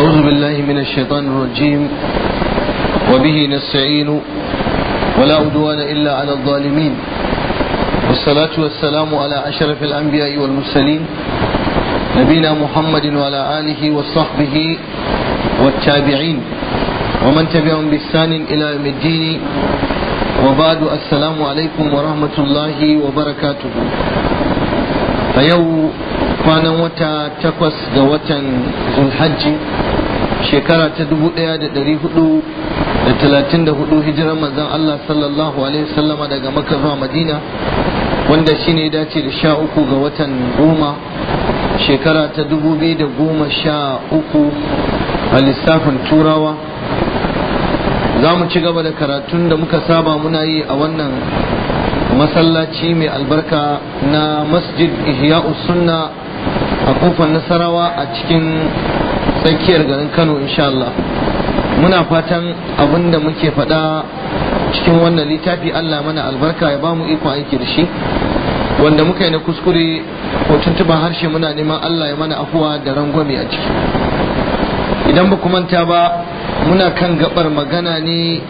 أعوذ بالله من الشيطان الرجيم وبه نستعين ولا عدوان إلا على الظالمين والصلاة والسلام على أشرف الأنبياء والمرسلين نبينا محمد وعلى آله وصحبه والتابعين ومن تبعهم بإحسان إلى يوم الدين وبعد السلام عليكم ورحمة الله وبركاته فيو kwanan wata takwas ga watan zulhajji shekara ta dubu ɗaya da ɗari hudu da talatin da hudu hijiran manzon Allah sallallahu alaihi wasallama daga maka zuwa madina wanda shi ne dace da sha uku ga watan goma shekara ta dubu biyu da goma sha uku a lissafin turawa za mu ci gaba da karatun da muka saba muna yi a wannan masallaci mai albarka na masjid ihya'u sunna a kofar nasarawa a cikin tsakiyar garin kano insha Allah muna fatan abin da muke faɗa cikin wannan littafi Allah mana albarka ya ba mu iko aiki da shi wanda muka yi na kuskure ko tuntuban harshe muna neman Allah ya mana afuwa da rangwame a ciki idan ba manta ba muna kan gabar magana ne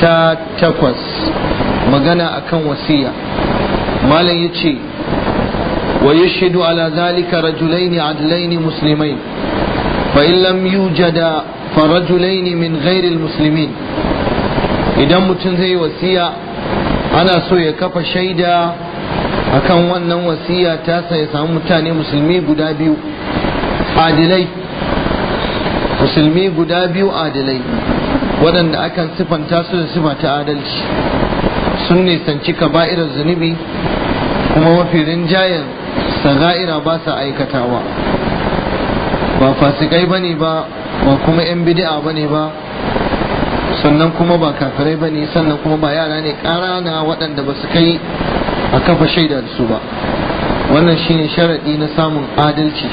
ta takwas magana akan wasiya malam ya ce ويشهد على ذلك رجلين عدلين مسلمين فإن لم يوجدا فرجلين من غير المسلمين idan mutum zai wasiya ana so ya kafa shaida akan wannan wasiya ta ya samu mutane musulmi guda biyu adilai waɗanda akan sifanta su da sifa ta adalci sun nisanci kaba'irar zunubi kuma mafi rinjayen saga'ira ba sa aikatawa ba fasikai ba ne ba ba kuma 'yan bidi'a ba ne ba sannan kuma ba kafirai ba ne sannan kuma ba yara ne ƙarana waɗanda ba su kai a kafa shaidar su ba wannan shine sharaɗi na samun adalci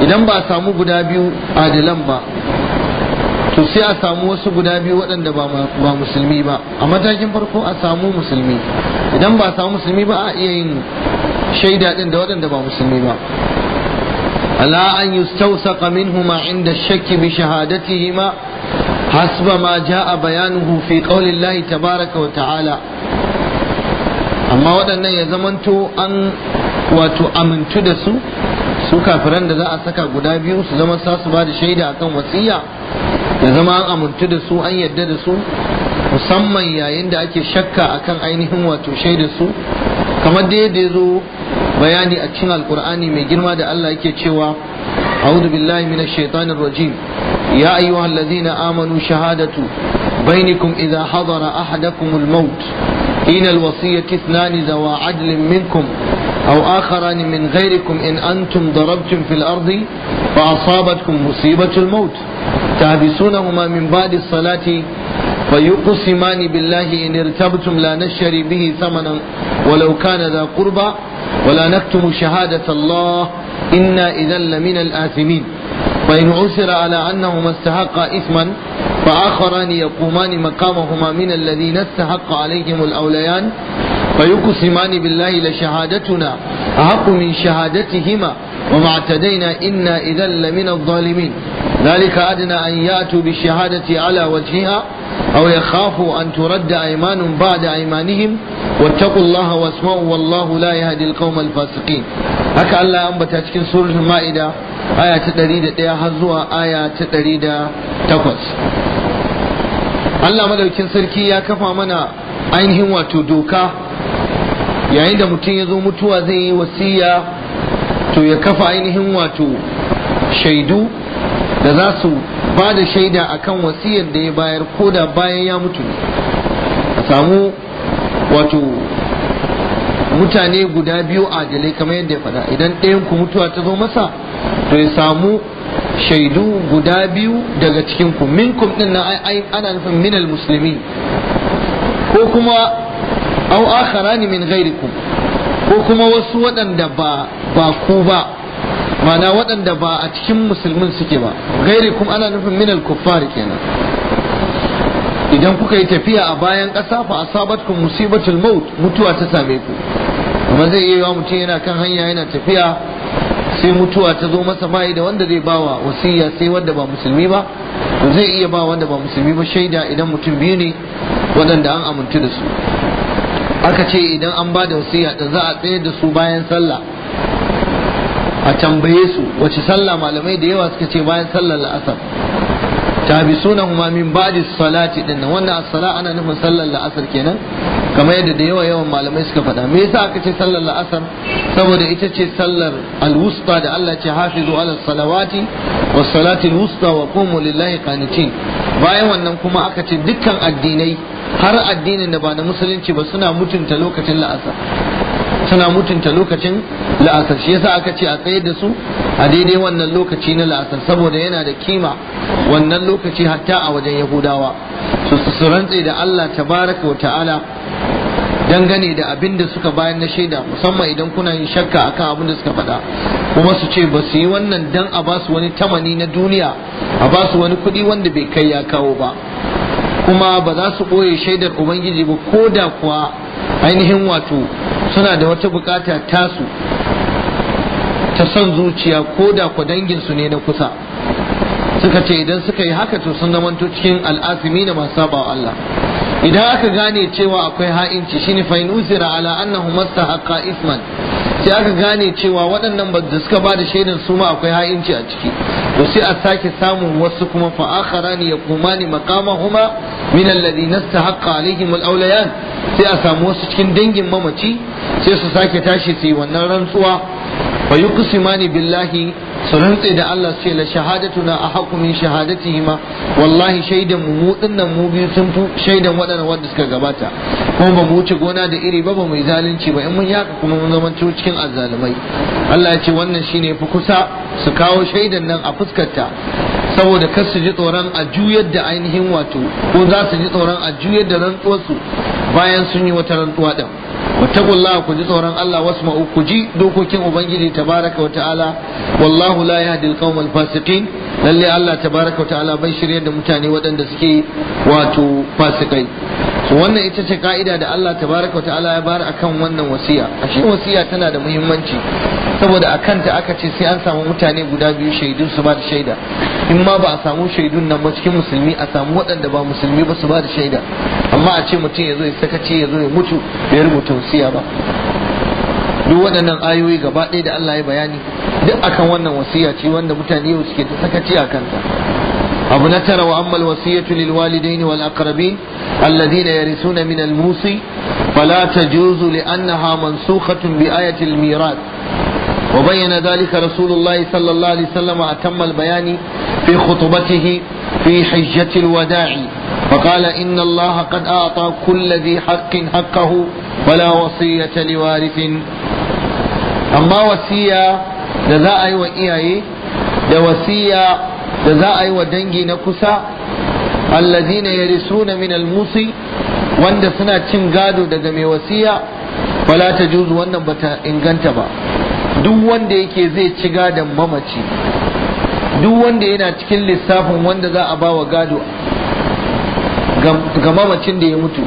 idan ba a samu guda biyu adilan ba to sai a samu wasu guda biyu waɗanda ba musulmi ba a matakin farko a samu musulmi idan ba a samu musulmi ba a iya yin shaida ɗin da waɗanda ba musulmi ba ala an yustawsaqa minhuma inda shakki bi shahadatihima hasba ma jaa bayanuhu fi qawli Allah tabaraka wa ta'ala amma waɗannan ya zamanto an wato amintu da su su kafiran da za a saka guda biyu su zama sa su ba da shaida akan wasiya ya zama an amintu da su an yadda da su musamman yayin da ake shakka akan ainihin wato shaida su kamar da yadda ya zo bayani a cikin alkur'ani mai girma da Allah yake cewa a'udhu billahi minash shaitanir rajim ya ayyuhal amanu shahadatu bainakum idza hadara ahadakumul maut حين الوصية اثنان ذوى عدل منكم أو آخران من غيركم إن أنتم ضربتم في الأرض فأصابتكم مصيبة الموت تحبسونهما من بعد الصلاة فيقسمان بالله إن ارتبتم لا نشتري به ثمنا ولو كان ذا قربى ولا نكتم شهادة الله إنا إذا لمن الآثمين فإن عثر على أنهما استحقا إثما فآخران يقومان مقامهما من الذين استحق عليهم الأوليان فيقسمان بالله لشهادتنا أحق من شهادتهما وما اعتدينا إنا إذا لمن الظالمين ذلك أدنى أن يأتوا بالشهادة على وجهها أو يخافوا أن ترد أيمان بعد أيمانهم واتقوا الله واسمعوا والله لا يهدي القوم الفاسقين هكا الله أنبت أتكين سورة المائدة آية تدريد يا هزوة آية تدريد تقص الله ملوكين سركي يا كفا منا ainihin wato doka yayin da mutum ya zo mutuwa zai yi wasiya to ya kafa ainihin wato shaidu da za su ba da shaida kan wasiyar da ya bayar ko da bayan ya mutu ne. a samu wato mutane guda biyu a adalai kamar yadda ya faɗa idan ɗayan ku mutuwa ta zo masa to ya samu shaidu guda biyu daga cikin ku minkum na ana nufin minal musulmi ko kuma aw akharani min ghairikum ko kuma wasu waɗanda ba ba ku ba mana waɗanda ba a cikin musulmin suke ba ghairikum ana nufin min al-kuffar kenan idan kuka yi tafiya a bayan ƙasa fa asabatkum musibatul maut mutuwa ta same ku amma zai iya wa mutum yana kan hanya yana tafiya sai mutuwa ta zo masa bai da wanda zai bawa wasiya sai wanda ba musulmi ba to zai iya ba wanda ba musulmi ba shaida idan mutum biyu ne waɗanda an amintu da su aka ce idan an ba da wasiya da za a tsayar da su bayan sallah a tambaye su wace sallah malamai da yawa suka ce bayan sallar la'asar tabisuna min da salati din nan wannan asala ana nufin sallar la'asar kenan kamar yadda da yawa yawan malamai suka faɗa me yasa aka ce sallar la'asar saboda ita ce sallar al da Allah ce hafizu ala salawati wa salati al-wusta wa qumu lillahi qanitin bayan wannan kuma aka ce dukkan addinai har addinin da ba na musulunci ba suna mutunta lokacin la'asar suna mutunta lokacin la'asar shi yasa aka ce a tsayar da su a daidai wannan lokaci na la'asar saboda yana da kima wannan lokaci hatta a wajen yahudawa su su rantse da Allah tabaraka wa ta'ala dangane da abin da suka bayan na shaida musamman idan kuna yin shakka akan abin da suka faɗa kuma su ce ba su yi wannan dan a ba su wani tamani na duniya a ba su wani kuɗi wanda bai kai ya kawo ba kuma ba za su ɓoye shaidar ubangiji ba ko da kuwa ainihin wato suna da wata bukata tasu ta son zuciya ko da kwa danginsu ne na kusa suka ce idan suka yi haka to sun zamanto cikin al'asimi na masu saba Allah idan aka gane cewa akwai ha'inci shine fa in usira ala annahu mastahaqqa isman sai aka gane cewa waɗannan ba da suka ba da shaidan su ma akwai ha'inci a ciki to sai a sake samun wasu kuma ya fa ni makama huma. min alladhi nastahaqqa alaihim alawliyan sai a samu wasu cikin dangin mamaci sai su sake tashi su yi wannan rantsuwa fa yuqsimani billahi su rantse da Allah sai la shahadatuna ahqqu min shahadatihima wallahi shaidan mu mu dinnan mu biyu sun fi shaidan waɗannan wanda suka gabata kuma ba mu wuce gona da iri ba ba mu zalunci ba in mun yaka kuma mun zama cikin azzalumai Allah ya ce wannan shine fi kusa su kawo shaidan nan a fuskarta saboda kar su ji tsoron a juyar da ainihin wato ko za su ji tsoron a juyar da rantsuwarsu bayan sun yi wata rantsuwa din wattaqullah ku ji tsoron Allah wasma'u ku ji dokokin ubangiji tabaraka wa ta'ala wallahu la yahdi al fasiqin lalle Allah tabaraka wa ta'ala bai shirye da mutane waɗanda suke wato fasikai wannan ita ce ka'ida da Allah tabaraka ta'ala ya bar akan wannan wasiya ashe wasiya tana da muhimmanci saboda a kanta aka ce sai an samu mutane guda biyu shaidu su ba da shaida in ma ba a samu shaidun nan ba cikin musulmi a samu waɗanda ba musulmi ba su ba da shaida amma a ce mutum ya zo ya sakaci ya zo ya mutu bai rubuta wasiya ba duk waɗannan ayoyi gaba ɗaya da Allah ya bayani duk akan wannan wasiya ce wanda mutane yau suke ta sakaci a kanta أبو نتر وأما الوصية للوالدين والأقربين الذين يرثون من الموصي فلا تجوز لأنها منسوخة بآية الميراث وبين ذلك رسول الله صلى الله عليه وسلم أتم البيان في خطبته في حجة الوداع فقال إن الله قد أعطى كل ذي حق حقه ولا وصية لوارث أما وصية da za a yi da za a yi wa dangi na kusa allazina yarisuna min almusi wanda suna cin gado daga mai wasiya wala ta juzu wannan bata inganta ba duk wanda yake zai ci gadon mamaci duk wanda yana cikin lissafin wanda za a ba wa gado ga mamacin da ya mutu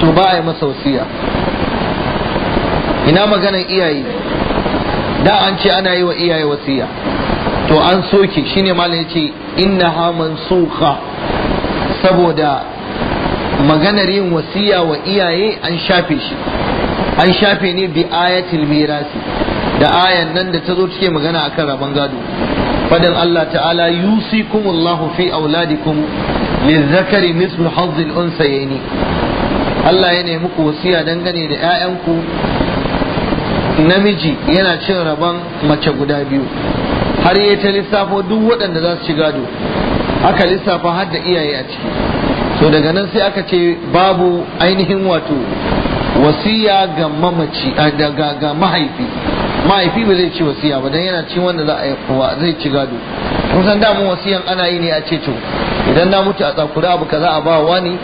to ba a yi masa wasiya ina maganin iyaye da an ce ana yi wa iyaye wasiya to an soke shine malam yace innaha mansukha saboda maganar yin wasiya wa iyaye an shafe shi an shafe ne bi ayatul mirasi da ayan nan da ta zo cike magana akan rabon gado faɗan Allah ta'ala yusikumullahu fi auladikum lizzakari mislu al unsayni Allah ya nemi ku wasiya dangane da 'ya'yanku namiji yana cin rabon mace guda biyu har yi ta lissafo duk waɗanda za su ci gado aka lissafa har da iyaye a ciki so daga nan sai aka ce babu ainihin wato wasiya ga mamaci ga mahaifi mahaifi ba zai ci wasiya ba dan yana ci wanda za a yi kowa zai ci gado kusan san damun wasiyan ana yi ne a ce to idan na mutu a tsakura abu kaza a ba wani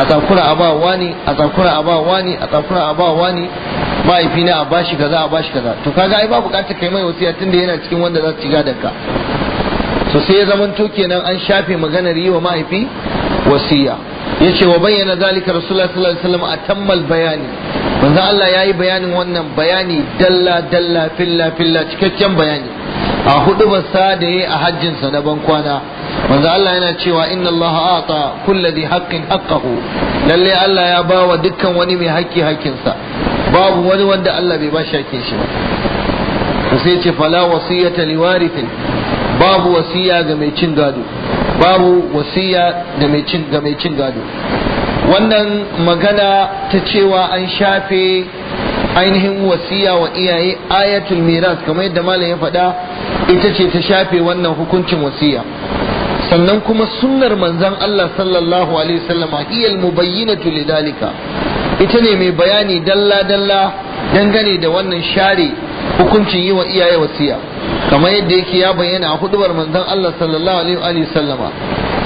a tsakura a ba wani a tsakura a ba wani a tsakura a ba wani mahaifina a bashi kaza a bashi kaza to kaga ai ba bukatar kai mai wasiya tunda yana cikin wanda za su ci gadar ka so sai ya zamanto kenan an shafe maganar yi wa mahaifi wasiya yace wa bayyana zalika rasulullah sallallahu alaihi wasallam atammal bayani manzo Allah yayi bayanin wannan bayani dalla dalla filla filla cikakken bayani a hudu ba sa da yayi a hajjin sa na ban kwana manzo Allah yana cewa inna Allah a'ta kulli dhi haqqin haqqahu lalle Allah ya bawa dukkan wani mai haƙƙi haƙƙinsa babu wani wanda Allah bai ba shi haƙƙin shi ba sai ce fala wasiyata liwarithin babu wasiya ga mai cin gado babu wasiya ga mai cin ga mai cin gado wannan magana ta cewa an shafe ainihin wasiya wa iyaye ayatul miras kamar yadda malam ya faɗa ita ce ta shafe wannan hukuncin wasiya sannan kuma sunnar manzan Allah sallallahu alaihi wasallama hiyal mubayyinatu lidalika ita ne mai bayani dalla dalla dangane da wannan share hukuncin yi wa iyaye wasiya kamar yadda yake ya bayyana a hudubar manzan Allah sallallahu alaihi sallama.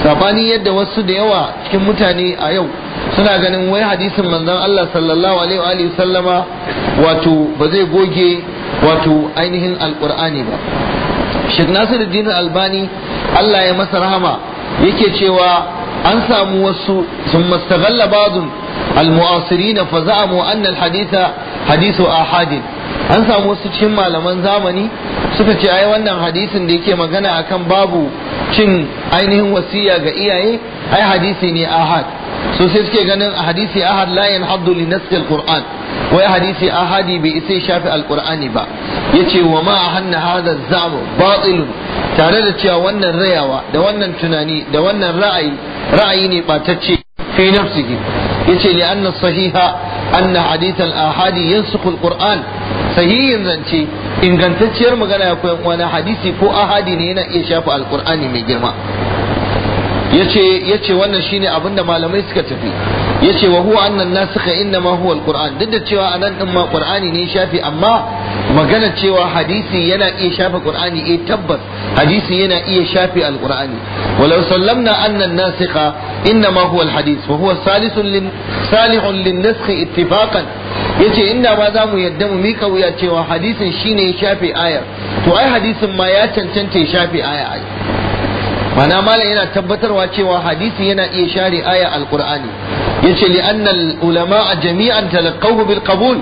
sabani yadda wasu da yawa cikin mutane a yau suna ganin wai hadisin manzan Allah sallallahu alaihi sallama wato ba zai goge wato ainihin alkur'ani ba Sheikh Nasiruddin Albani Allah ya masa rahama yake cewa an samu wasu sun mastaghalla ba'dun al-mu'asirin fa za'amu anna al-haditha hadithu ahad an samu wasu cikin malaman zamani suka ce ai wannan hadisin da yake magana akan babu cin ainihin wasiya ga iyaye ai hadisi ne ahad so sai suke ganin hadisi ahad la yanhaddu li nasl al wai hadisi ahadi bai isa shafi alkur'ani ba yace wa ma a hannun hadar zamu batilun tare da cewa wannan rayawa da wannan tunani da wannan ra'ayi ra'ayi ne batacce fi nafsihi yace li na sahiha anna hadith al ahadi yansukhu al qur'an sahihin zance ingantacciyar magana ya koyan wani hadisi ko ahadi ne yana iya shafa alkur'ani mai girma yace yace wannan shine abinda malamai suka tafi yace wa huwa annan nasikha inna huwa alquran duk da cewa anan din ma qur'ani ne shafi amma magana cewa hadisi yana iya shafi qur'ani eh tabbas hadisi yana iya shafi alqur'ani walau sallamna annan nasikha inna ma huwa alhadith wa huwa salisun lin salihun lin nasikh ittifaqan yace inda ba za mu yadda mu mika wuya cewa hadisin shine ya shafe ayar to ai hadisin ma ya cancanta ya shafi aya mana malam yana tabbatarwa cewa hadisi yana iya share aya alqur'ani yace li anna ulama jami'an talaqahu bil qabul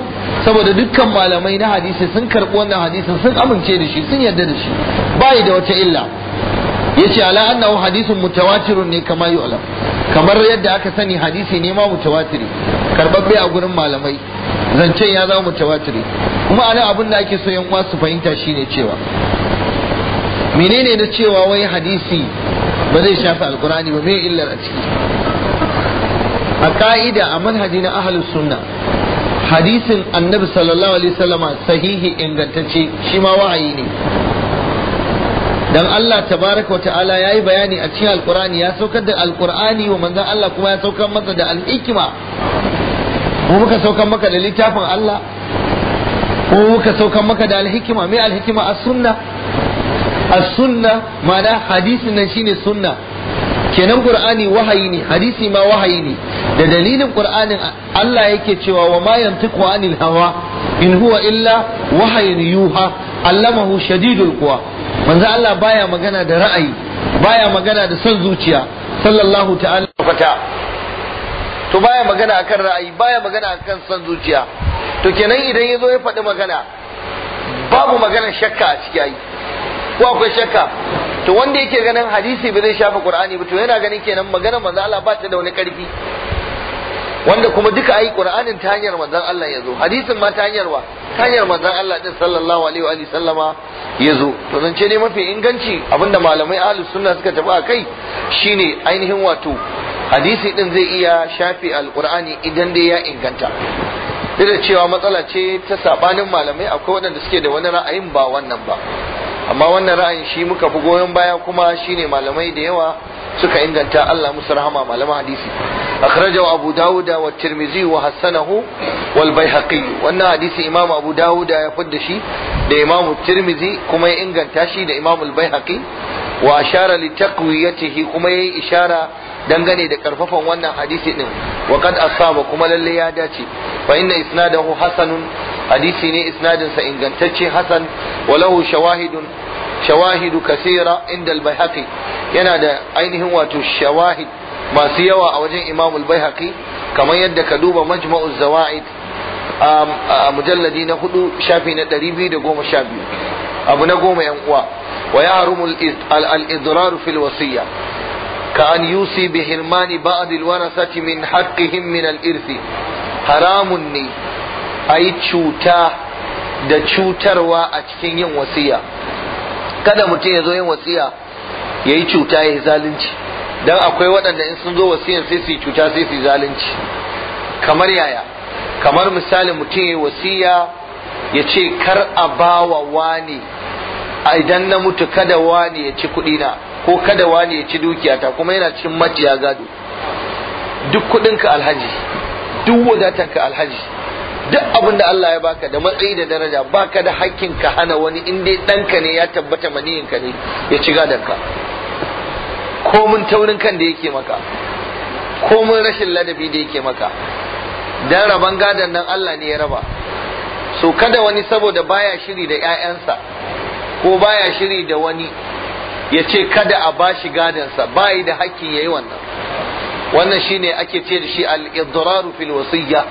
saboda dukkan malamai na hadisi sun karbi wannan hadisin sun amince da shi sun yarda da shi bai da wata illa yace ala annahu hadisun mutawatirun ne kama yu'lam kamar yadda aka sani hadisi ne ma mutawatiri karbabbe a gurin malamai zancen ya zama mutawatiri kuma ana abin da ake so yan uwa su fahimta shine cewa menene na cewa wai hadisi ba zai shafi alkurani ba me illar a ciki a ka'ida a manhaji na ahlus sunna hadisin annabi sallallahu alaihi wasallama sahihi ingantacce shi ma wahayi ne dan Allah tabaraka ta'ala ya yi bayani a cikin alkurani ya saukar da alkurani wa manzan Allah kuma ya saukar masa da al'ikima mu muka saukar maka da littafin Allah mu muka saukar maka da alhikima me alhikima as sunna as-sunna ma'ana hadisin nan shine sunna kenan qur'ani wahayi ne hadisi ma wahayi ne da dalilin qur'anin Allah yake cewa wa ma yantiqu anil hawa in huwa illa wahayin yuha allamahu shadidul quwa manzo Allah baya magana da ra'ayi baya magana da son zuciya sallallahu ta'ala fata to baya magana akan ra'ayi baya magana akan son zuciya to kenan idan yazo ya faɗi magana babu magana shakka a ciki ko akwai shakka to wanda yake ganin hadisi ba zai shafa qur'ani ba to yana ganin kenan magana manzo Allah ba ta da wani karfi wanda kuma duka ayi qur'anin ta hanyar manzon Allah yazo hadisin ma ta hanyar wa ta hanyar manzon Allah din sallallahu alaihi wa sallama yazo to zance ne mafi inganci abinda malamai ahlus sunna suka tafi akai shine ainihin wato hadisi din zai iya shafi alqur'ani idan dai ya inganta duk da cewa matsala ce ta sabanin malamai akwai waɗanda suke da wani ra'ayin ba wannan ba amma wannan ra'ayin shi muka fi goyon baya kuma shine malamai da yawa suka inganta Allah musu rahama malaman hadisi akhrajahu abu dauda wa tirmizi wa hassanahu wal baihaqi wannan hadisi imam abu dauda ya fadda shi da imam tirmizi kuma ya inganta shi da imam al baihaqi wa ashara li taqwiyatihi kuma yayi ishara dangane da karfafan wannan hadisi din wa kad asaba kuma lalle ya dace fa inna isnadahu hasanun hadisi ne isnadin sa ingantacce hasan wa shawahidun shawahidu kaseera inda albayhaqi yana da ainihin wato shawahid masu yawa a wajen imam baihaki kamar yadda ka duba majma'u zawaid um, a mujalladi na hudu shafi na 212 abu na goma yan uwa wa ya harumul al-idrar fil wasiyya كأن يوصي بحرمان بعض الورثة من حقهم من الإرث حرام ني أي تشوتا da cutarwa a cikin yin wasiya kada mutum ya zo yin wasiya ya yi cuta ya yi zalunci don akwai waɗanda in sun zo wasiyan sai su yi cuta sai su yi zalunci kamar yaya kamar misali mutum ya yi wasiya ya ce kar a ba wa wani idan na mutu kada wani ya ci kuɗina. ko kada wani ya ci dukiyata kuma yana cikin maciya gado duk kudinka alhaji duk ka alhaji duk abin da Allah ya baka da matsayi da daraja baka da hakkin ka hana wani in dai ɗanka ne ya tabbata ka ne ya ci ka. ko mun taurin kan da yake maka ko mun rashin ladabi da yake maka dan raban gadon nan Allah ne ya raba so kada wani saboda baya shiri da 'ya'yansa ko baya shiri da wani ya ce kada a bashi ba bayi da hakkin yi wannan wannan shine ake ce da shi al-idraru fil wasiyya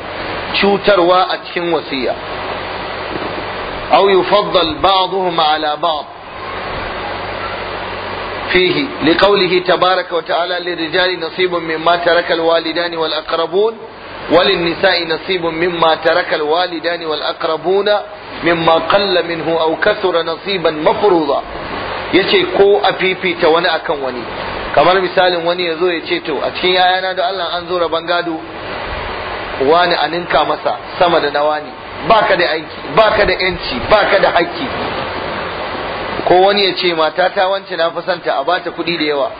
cutarwa a cikin wasiyya aw yufaddal ba'dhum ala ba'd fihi liqawlihi tabaaraka wa ta'ala lirijali nasibun mimma taraka al-walidani wal nisa'i وللنساء نصيب مما ترك wal والأقربون مما قل منه او كثر nasiban مفروضا yace ko a fifita wani akan wani kamar misalin wani ya zo ya ce to a cikin yayana da Allah an zo rabon gado wani a ninka masa sama da na wani baka da aiki baka da yanci baka da haƙƙi ko wani ya ce mata ta wance na fi santa a bata kuɗi da yawa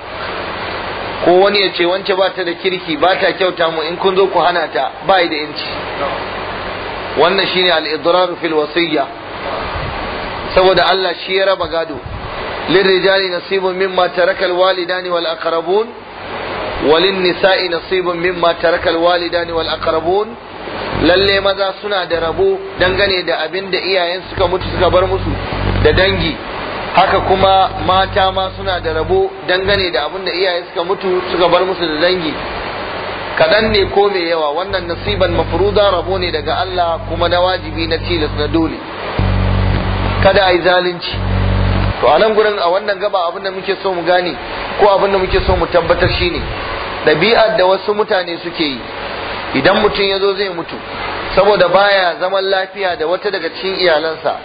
ko wani ya ce wance bata da kirki bata kyauta mu in kun zo ku hana ta bai da yanci wannan shine al-idrar fil wasiyya saboda Allah shi ya raba gado للرجال نصيب مما walin nisa'i والأقربون وللنساء نصيب مما lalle maza suna da rabo dangane da abin da iyayen suka mutu suka bar musu da dangi haka kuma mata ma suna da rabo dangane da abin da iyayen suka mutu suka bar musu da dangi kaɗan ne ko mai yawa wannan nasiban mafruda rabo ne daga Allah kuma na wajibi na tilas na dole kada a zalunci to a nan gurin a wannan gaba abin da muke so mu gane ko abin da muke so mu tabbatar shine ɗabi'ar da wasu mutane suke yi idan mutum ya zo zai mutu saboda baya zaman lafiya da wata daga cikin iyalansa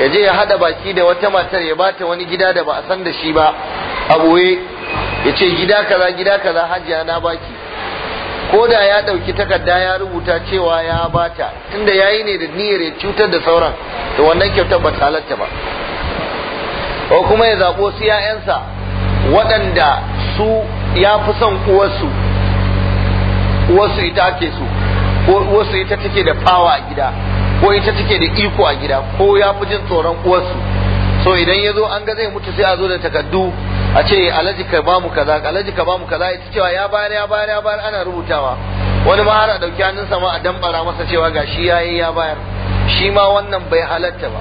ya je ya haɗa baki da wata matar ya bata wani gida da ba a san da shi ba a ya ce gida kaza gida kaza hajiya na baki ko da ya ɗauki takarda ya rubuta cewa ya bata tunda ya yi ne da niyyar ya cutar da sauran da wannan kyautar ba halarta ba ko kuma ya zaɓo wasu ‘ya'yansa waɗanda su ya fi son uwarsu uwarsu ita ake su ko uwarsu ita take da fawa a gida ko ita take da iko a gida ko ya fi jin tsoron uwarsu so idan ya zo an ga zai mutu sai a zo da takaddu a ce alaji ka ba mu kaza alaji ka ba mu kaza ita cewa ya bayar ya bayar ya bayar ana rubutawa wani ma har a dauki hannun sama a dambara masa cewa ga shi yayi ya bayar shi ma wannan bai halatta ba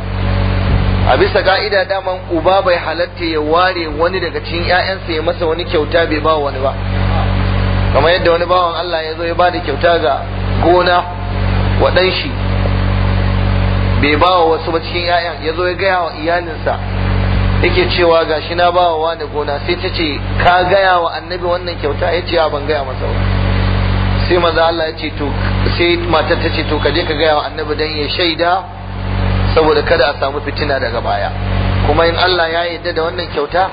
a bisa ga'ida daman uba bai halatta ya ware wani daga cikin ƴaƴansa ya masa wani kyauta bai ba wani ba kamar yadda wani bawan Allah ya zo ya bada kyauta ga gona wa dan shi bai ba wa wasu ba cikin ya'yan ya zo ya gaya wa iyalinsa yake cewa gashi na ba wa wani gona sai ta ce ka gaya wa annabi wannan kyauta ya ce ban gaya masa ba sai maza Allah ya ce to sai matar ta ce to ka je ka gaya wa annabi dan ya shaida saboda kada a samu fitina daga baya kuma in Allah ya yarda da wannan kyauta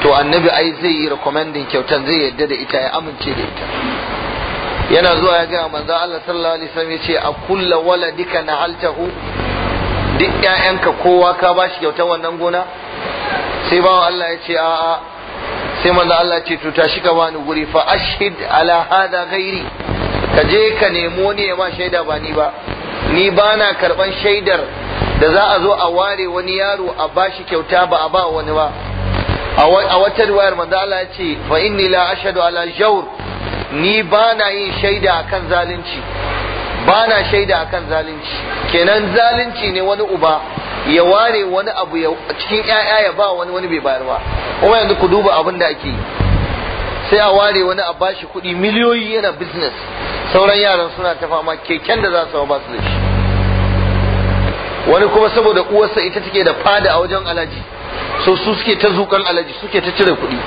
to annabi ai zai yi recommending kyautan zai yarda da ita ya amince da ita yana zuwa ya gaya manzo Allah sallallahu alaihi wasallam ya ce a kullu waladika na'altahu duk ƴaƴanka kowa ka ba shi kyautar wannan gona sai bawa Allah ya ce a'a sai manzo Allah ya ce to tashi ka bani guri fa ashhid ala hada ghairi ka je ka nemo ne ma shaida ba ni ba ni ba na karban shaidar da za a zo a ware wani yaro a bashi kyauta ba a ba wani ba a wata ruwayar manzo Allah ya ce fa inni la ashhadu ala jawr ni ba na yin shaida akan zalunci Bana na shaida akan zalunci kenan zalunci ne wani uba ya ware wani abu cikin ƴaƴa ya ba wani wani bai bayar ba kuma yanzu ku duba abin da ake yi sai a ware wani a bashi kuɗi miliyoyi yana business sauran yaran suna ta fama keken da za su ba su da shi wani kuma saboda uwarsa ita take da fada a wajen alaji so su suke ta zukan alaji suke ta cire kuɗi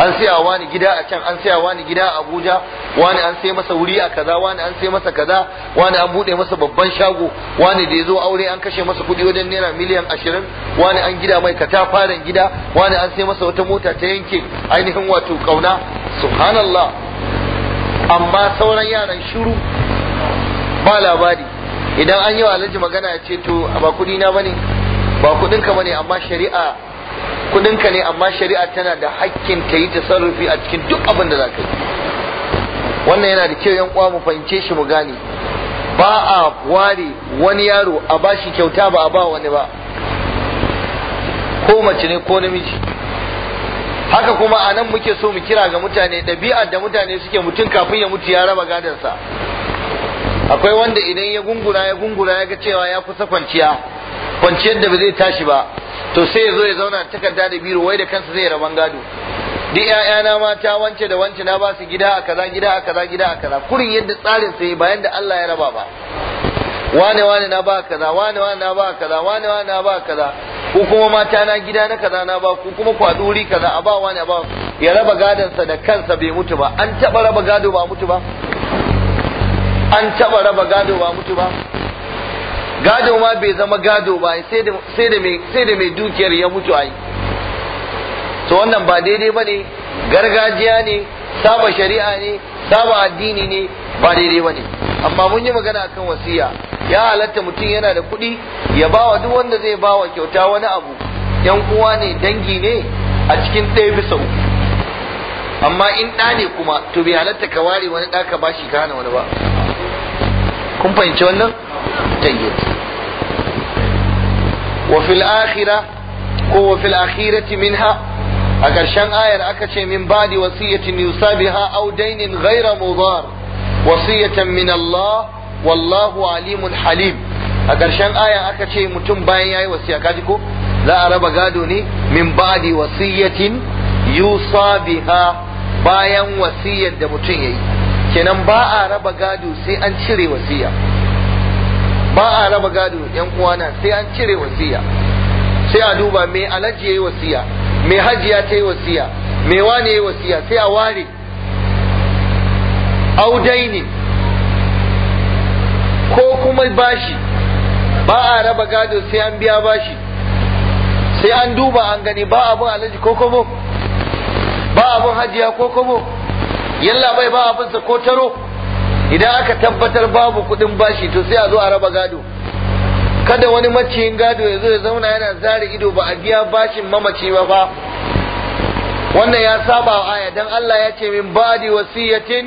an saya wani gida a can an saya wani gida a Abuja wani an sai masa wuri a kaza wani an sai masa kaza wani an bude masa babban shago wani da ya aure an kashe masa kuɗi wajen naira miliyan ashirin wani an gida mai katafaren gida wani an sai masa wata mota ta yanke ainihin wato kauna subhanallah amma sauran yaran shiru ba labari idan an yi wa alhaji magana ya ce to ba kudi na bane ba ka bane amma shari'a kudinka ne amma shari'a tana da hakkin ta yi ta sarrafi a cikin duk abin da za ka yi wannan yana da kyau yan uwa mu fahimce shi mu gane ba a ware wani yaro a ba shi kyauta ba a ba wani ba ko mace ne ko namiji haka kuma a nan muke so mu kira ga mutane ɗabi'ar da mutane suke mutum kafin ya mutu ya raba gadansa akwai wanda idan ya gungura ya gungura ya ga cewa ya kusa kwanciya kwanciyar da ba zai tashi ba to sai ya zo ya zauna takarda da biro wai da kansa zai rabon gado duk ƴaƴana mata wance da wance na ba su gida a kaza gida a kaza gida a kaza kurin yadda tsarin sai bayan da Allah ya raba ba wane wane na ba kaza wane wane na ba kaza wane wane na ba kaza ko kuma mata na gida na kaza na ba ko kuma kwaduri kaza a ba wani a ba ya raba gadon sa da kansa bai mutu ba an taba raba gado ba mutu ba an taba raba gado ba mutu ba gado ma bai zama gado ba sai da mai dukiyar ya mutu ai to wannan ba daidai ba ne gargajiya ne saba shari'a ne saba addini ne ba daidai ba amma mun yi magana akan wasiya ya halatta mutum yana da kuɗi ya bawa duk wanda zai bawa kyauta wani abu yan uwa ne dangi ne a cikin ɗaya bisa amma in ɗa ne kuma to bai halatta ka ware wani ɗa ka bashi ka hana wani ba kun fahimci wannan tayyib wa fil akhirah ko wa fil akhirati minha a ƙarshen ayar aka ce min ba'di wasiyatin yusabiha aw daynin ghayra mudar wasiyatan min Allah wallahu alimun halim a ƙarshen aya aka ce mutum bayan yayi wasiya kaji ko za a raba gado ne min ba'di wasiyatin yusabiha bayan wasiyar da mutum yayi kenan ba a raba gado sai an cire wasiya ba a raba gado yan uwana sai an cire wasiya sai a duba me alhaji yayi wasiya me hajiya ta yi wasiya me wane yayi wasiya sai a ware audai ne ko kuma bashi ba a raba gado sai an biya bashi sai an duba an gani ba abun alhaji ko komo ba abun hajiya ko komo yalla bai ba abinsa ko taro idan aka tabbatar babu kuɗin bashi to sai a zo a raba gado kada wani maciyin gado ya zo ya zauna yana zare ido ba a biya bashin mamaci ba ba wannan ya saba wa aya dan Allah ya ce min ba'di wasiyatin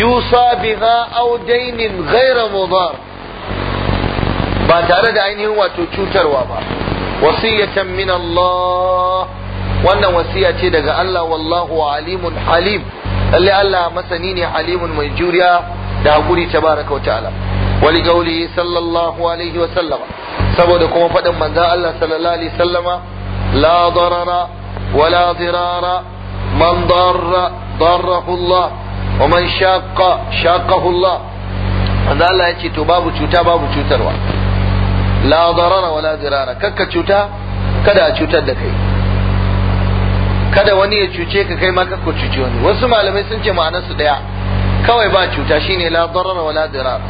yusa biha aw daynin ghayra mudar ba tare da ainihin wato cutarwa ba wasiyatan min Allah wannan wasiya ce daga Allah wallahu alimun halim lalle Allah masani ne halimun mai juriya da hakuri tabaraka wa ta'ala wali gauli sallallahu alaihi wa sallama saboda kuma faɗin manzon Allah sallallahu alaihi sallama la darara wala zirara man darra darrahu Allah wa man shaqqa shaqqahu Allah manzon Allah ya ce to babu cuta babu cutarwa la darara wala zirara kakka cuta kada a cutar da kai kada wani ya cuce ka kai ma kakka cuci wani wasu malamai sun ce ma'anarsu daya kawai ba cuta shine la darar wa dirar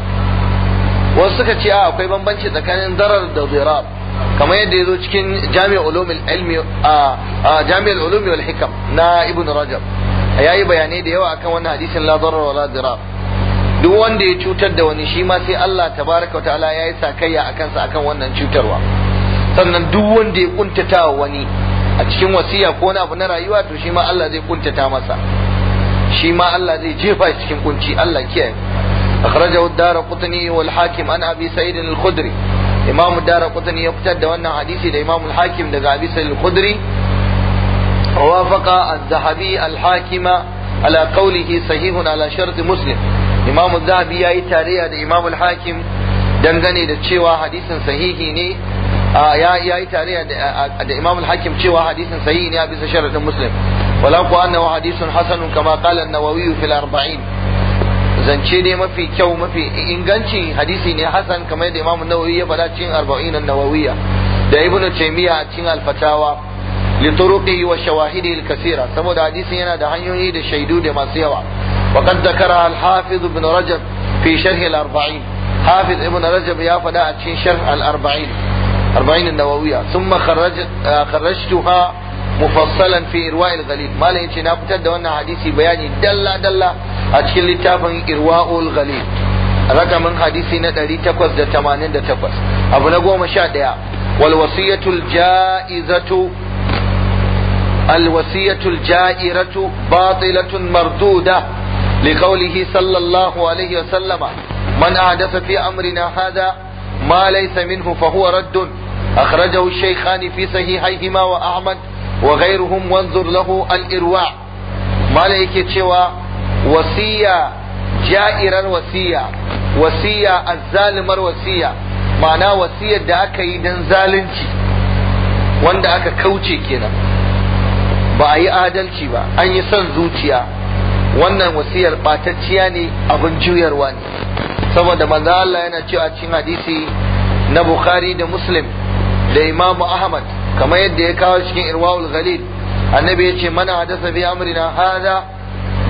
wasu suka ce a ah, akwai bambanci tsakanin darar da dirar kamar yadda ya zo cikin jami'ar ulumi wal hikam na ibn rajab yi bayanai da yawa akan wannan hadisin la darar wa duk wanda ya cutar da wani shi ma sai Allah tabaraka wa ta'ala ya yi sakayya akan sa akan wannan cutarwa sannan duk wanda ya kuntata wani a cikin wasiya ko wani abu na rayuwa to shi ma Allah zai kuntata masa shi ma Allah zai jefa cikin kunci Allah kiyaye akhrajahu ad-darqutni wal hakim an abi sa'id al-khudri imam ad-darqutni ya fitar da wannan hadisi da imam al-hakim daga abi sa'id al-khudri وافق الذهبي ala على sahihun صحيح على Imam مسلم امام الذهبي yayi tariya da imam al-hakim dangane da cewa hadisin sahihi ne ya yi tariya da imam al-hakim cewa hadisin sahihi ne a bisa sharadin muslim ولو أنه حديث حسن كما قال النووي في الأربعين zance ne mafi kyau mafi inganci hadisi ne hasan kamar yadda imamu nawawi ya faɗa cikin arba'in nawawiya da ibnu taymiya a cikin alfatawa li turuqihi wa shawahidi al kasira saboda hadisin yana da hanyoyi da shaidu da masu yawa wa qad dhakara al hafiz ibn rajab fi sharh al arba'in hafiz ibn rajab ya faɗa a cikin sharh al arba'in arba'in nawawiya thumma kharrajtuha mufassalan fi irwa'il ghalib malam yace na fitar da wannan hadisi bayani dalla dalla a cikin littafin irwa'ul ghalib rakamin hadisi na 888 abu na goma sha ɗaya wal wasiyatul ja'izatu al wasiyatul ja'iratu batilatun marduda لقوله صلى الله عليه وسلم من أحدث في أمرنا هذا ما ليس منه فهو رد أخرجه الشيخان في صحيحيهما وأحمد wa ghairuhum wanzur lahu al-irwa mala yake cewa wasiya ja'irar wasiya wasiya azzalimar wasiya ma'ana wasiyar da aka yi dan zalunci wanda aka kauce kenan ba a yi adalci ba an yi son zuciya wannan wasiyar batacciya ne abin juyarwa ne saboda manzo Allah yana cewa cikin hadisi na Bukhari da Muslim da imamu ahmad kamar yadda ya kawo cikin irwaul ghalil annabi ya ce mana hadasa bi amrina hada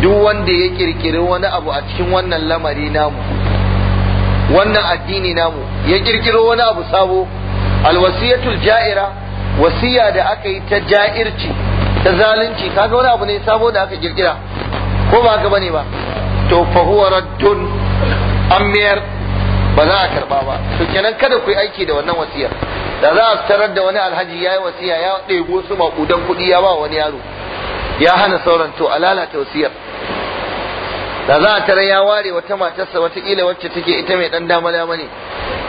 duk wanda ya kirkiri wani abu a cikin wannan lamari namu wannan addini namu ya kirkiro wani abu sabo alwasiyatul ja'ira wasiya da aka yi ta ja'irci ta zalunci kaga wani abu ne sabo da aka kirkira ko ba haka bane ba to fa huwa raddun an ba za a karba ba to kenan kada ku yi aiki da wannan wasiya da za a tarar da wani alhaji ya yi wasiya ya ɗebo su maƙudan kuɗi ya ba wani yaro ya hana sauran to a lalata wasiyar da za a tarar ya ware wata matarsa watakila wacce take ita mai ɗan dama dama ne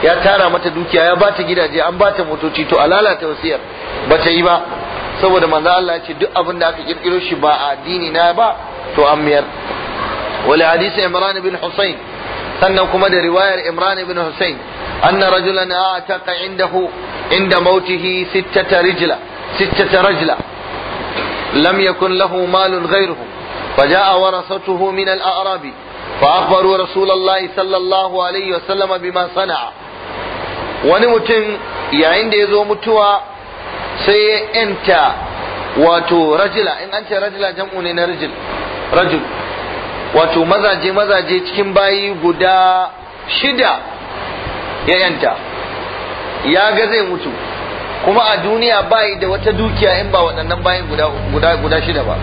ya tara mata dukiya ya bata gidaje an bata motoci to a lalata wasiyar ba ta yi ba saboda manzo Allah ya ce duk abin da aka kirkiro shi ba addini na ba to an miyar wala hadisi Imran bin Husayn sannan kuma da riwayar Imran ibn Hussein anna rajulan ataqa indahu inda mautihi sittata rijla sittata rajla lam yakun lahu malun ghayruhu فجاء min Al-Arabi, fa رسول الله Sallallahu الله wa sallam بما صنع wani mutum yayin da ya zo mutuwa sai ya enta, wato rajula. in an ce rajula jam'u ne na rajil rajul wato mazaje mazaje cikin bayi guda shida ya yanta ya ga zai mutu kuma a duniya bayi da wata dukiya in ba waɗannan bayin guda shida ba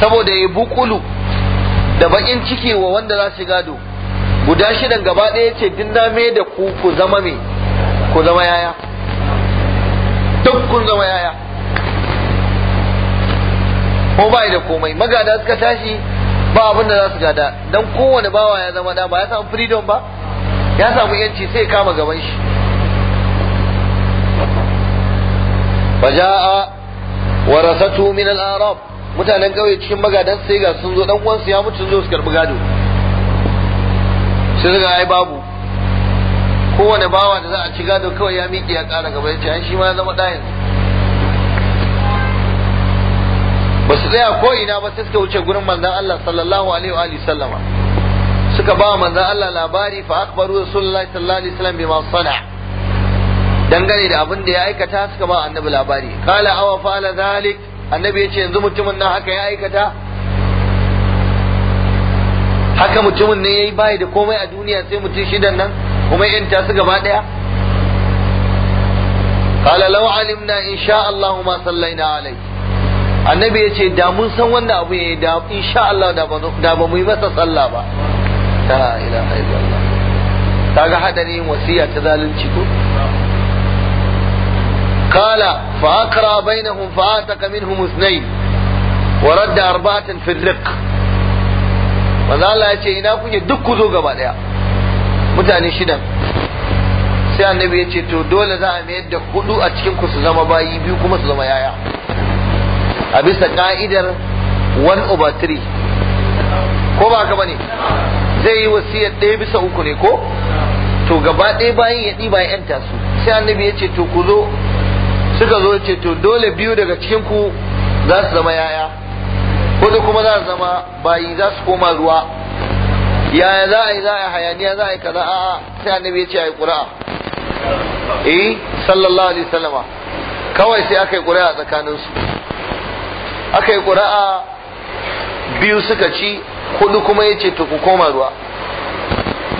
saboda ya bukulu da bakin ciki wa wanda za su gado guda shidan gaba ɗaya ce dinna me da ku ku zama me ku zama yaya duk kun zama yaya ko bai da komai magada suka tashi ba abin da za su gada don kowane bawa ya zama da ba ya samu freedom ba ya samu yanci sai kama gaban shi faja'a warasatu min al-arab mutanen kauye cikin magadan sai ga sun zo dan uwansu ya mutu zo su karbi gado sai suka ai babu kowane bawa da za a ci gado kawai ya miƙe ya ƙara gaba ya ce shi ma ya zama ɗayan ba su tsaya ko ina ba sai suka wuce gurin manzon Allah sallallahu alaihi wa alihi sallama suka ba wa manzon Allah labari fa akbaru rasulullahi sallallahu alaihi wasallam bima sana dangane da abin da ya aikata suka ba annabi labari qala awa fa'ala zalik annabi yace yanzu mutumin nan haka ya aikata haka mutumin ne yayi bai da komai a duniya sai mutum shidan nan kuma yanta su gaba daya قال لو علمنا إن شاء الله ما صلينا عليه annabi ya ce da mun san wanda abu ya yi da insha Allah da ba mu yi masa sallah ba ta allah ta ga kaga hadarin wasiya ta zalunci ko قال فأقرأ بينهم فآتك منهم اثنين ورد أربعة في الرق maza Allah ya ce ina kunye duk ku zo gaba daya mutane shidan sai annabi ya ce to dole za a mayar da hudu a cikin ku su zama bayi biyu kuma su zama yaya a bisa ka'idar 1 over 3 ko ba ka bane zai yi wasiyar ɗaya bisa uku ne ko to gaba ɗaya bayan ya ɗiba ya yanta su sai annabi ya ce to ku zo suka zo ce to dole biyu daga cikin ku za su zama yaya Ko da kuma za su zama bayi za su koma ruwa yaya za a yi za a yi hayaniya za a yi kaza a'a sai annabi ya ce a yi ƙura'a eh sallallahu alaihi wasallama kawai sai aka yi ƙuri'a tsakaninsu aka yi ƙura'a biyu suka ci hudu kuma ya ce ku koma ruwa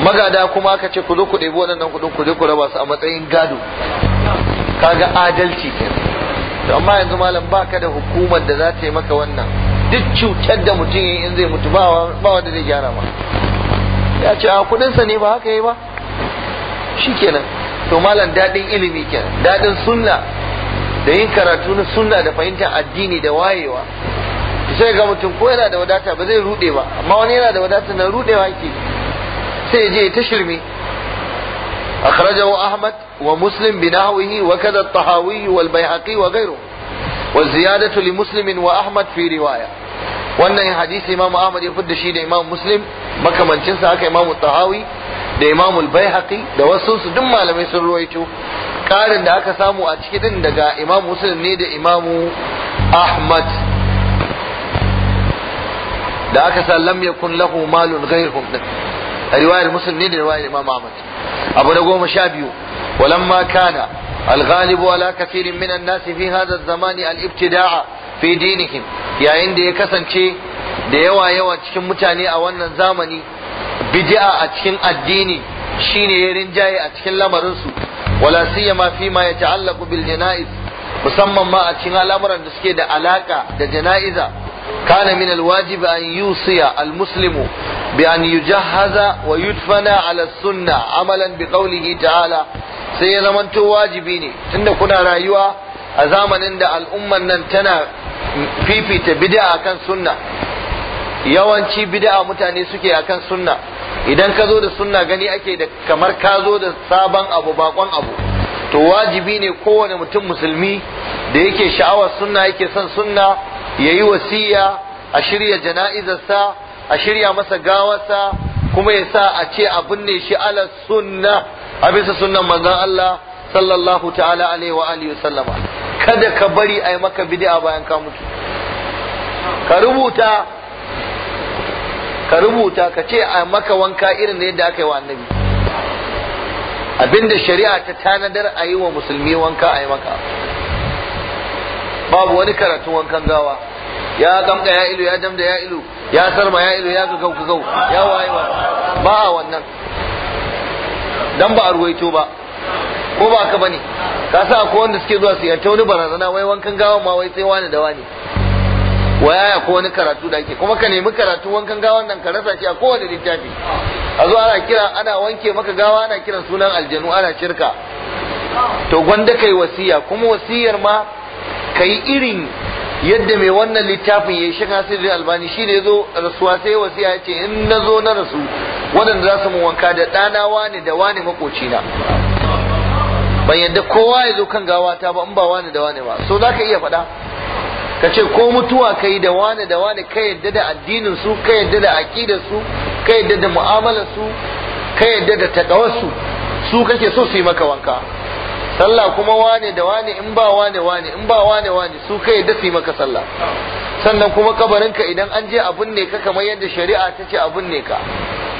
magada kuma aka ce ku zo ku ɗebi waɗannan kuɗin ku ku raba su a matsayin gado kaga adalci ke to amma yanzu malam baka da hukumar da za ta yi maka wannan duk cutar da mutum yayi in zai mutu ba wanda zai gyara ma ya ce a kuɗinsa ne ba haka yi ba shikenan to malam daɗin ilimi kenan daɗin sunna da yin karatu na sunna da fahimtar addini da wayewa sai ga mutum ko yana da wadata ba zai rude ba amma wani yana da wadata na rudewa ake sai ya je ta shirme akhrajahu ahmad wa muslim bi nahwihi wa kadha at-tahawi wal bayhaqi wa gairo. wa ziyadatu li muslim wa ahmad fi riwaya wannan hadisi imam ahmad ya fudda shi da imam muslim makamancin sa haka imam tahawi da imamul baihaqi da wasu su duk malamai sun ruwaito karin da aka samu a ciki din daga imam muslim ne da imamu ahmad da aka sa lam yakun lahu malun ghayruhum din riwayar muslim ne da riwayar imam ahmad abu da goma sha biyu walamma kana الغالب على كثير من الناس في هذا الزمان الابتداع في دينهم yayin da ya kasance da yawa yawa cikin mutane a wannan zamani bid'a a cikin addini shine ya rinjaye a cikin lamarinsu wala siyama fi ma yata'allaqu bil jana'iz musamman ma a cikin al'amuran da suke da alaka da jana'iza kana min alwajib an yusiya almuslimu bi an yujahhaza wa yudfana ala sunna amalan bi qawlihi ta'ala sai ya zamanto wajibi ne tunda kuna rayuwa a zamanin da al'umman nan tana fifita bid'a akan sunna yawanci bid'a mutane suke akan sunna idan ka zo da sunna gani ake da kamar ka zo da sabon abu bakon abu to wajibi ne kowane mutum musulmi da yake sha'awar sunna yake son sunna ya yi wasiya a shirya jana'izarsa a shirya masa gawarsa kuma ya sa a ce a binne shi ala sunna a bisa sunnan manzon Allah sallallahu ta'ala alaihi wa alihi sallama kada ka bari a yi maka bid'a bayan ka mutu ka rubuta ka rubuta ka ce a maka wanka irin da yadda aka yi wa annabi abinda shari'a ta tanadar a yi wa musulmi wanka a yi maka babu wani karatun wankan gawa ya gamda ya ilu ya damda ya ilu ya sarma ya ilu ya gagau gagau ya waye ba a wannan dan ba a ruwaito ba ko ba ka bane ka sa ko wanda suke zuwa su yanta wani barazana wai wankan gawa ma wai sai wani da wani waya ko wani karatu da ake kuma ka nemi karatu wankan gawa nan ka rasa shi a kowane littafi a zo ana kira ana wanke maka gawa ana kiran sunan aljanu ana shirka to gwanda kai wasiya kuma wasiyar ma kai irin yadda mai wannan littafin ya shi kasirin albani shi ne zo rasuwa sai wasiya ya ce in na zo na rasu waɗanda za su mu wanka da ɗana wani da wani makocina ban yadda kowa ya zo kan gawa ta ba in ba wani da wani ba so za ka iya faɗa ka ce ko mutuwa ka yi da wane da wane ka yadda da addinin su ka yadda da aƙidar su ka yadda da mu'amalar su ka yadda da taƙawar su su kake so su yi maka wanka sallah kuma wane da wane in ba wane wane in ba wane wane su ka yadda su yi maka sallah sannan kuma kabarinka idan an je abun ne ka kamar yadda shari'a ta ce abun ne ka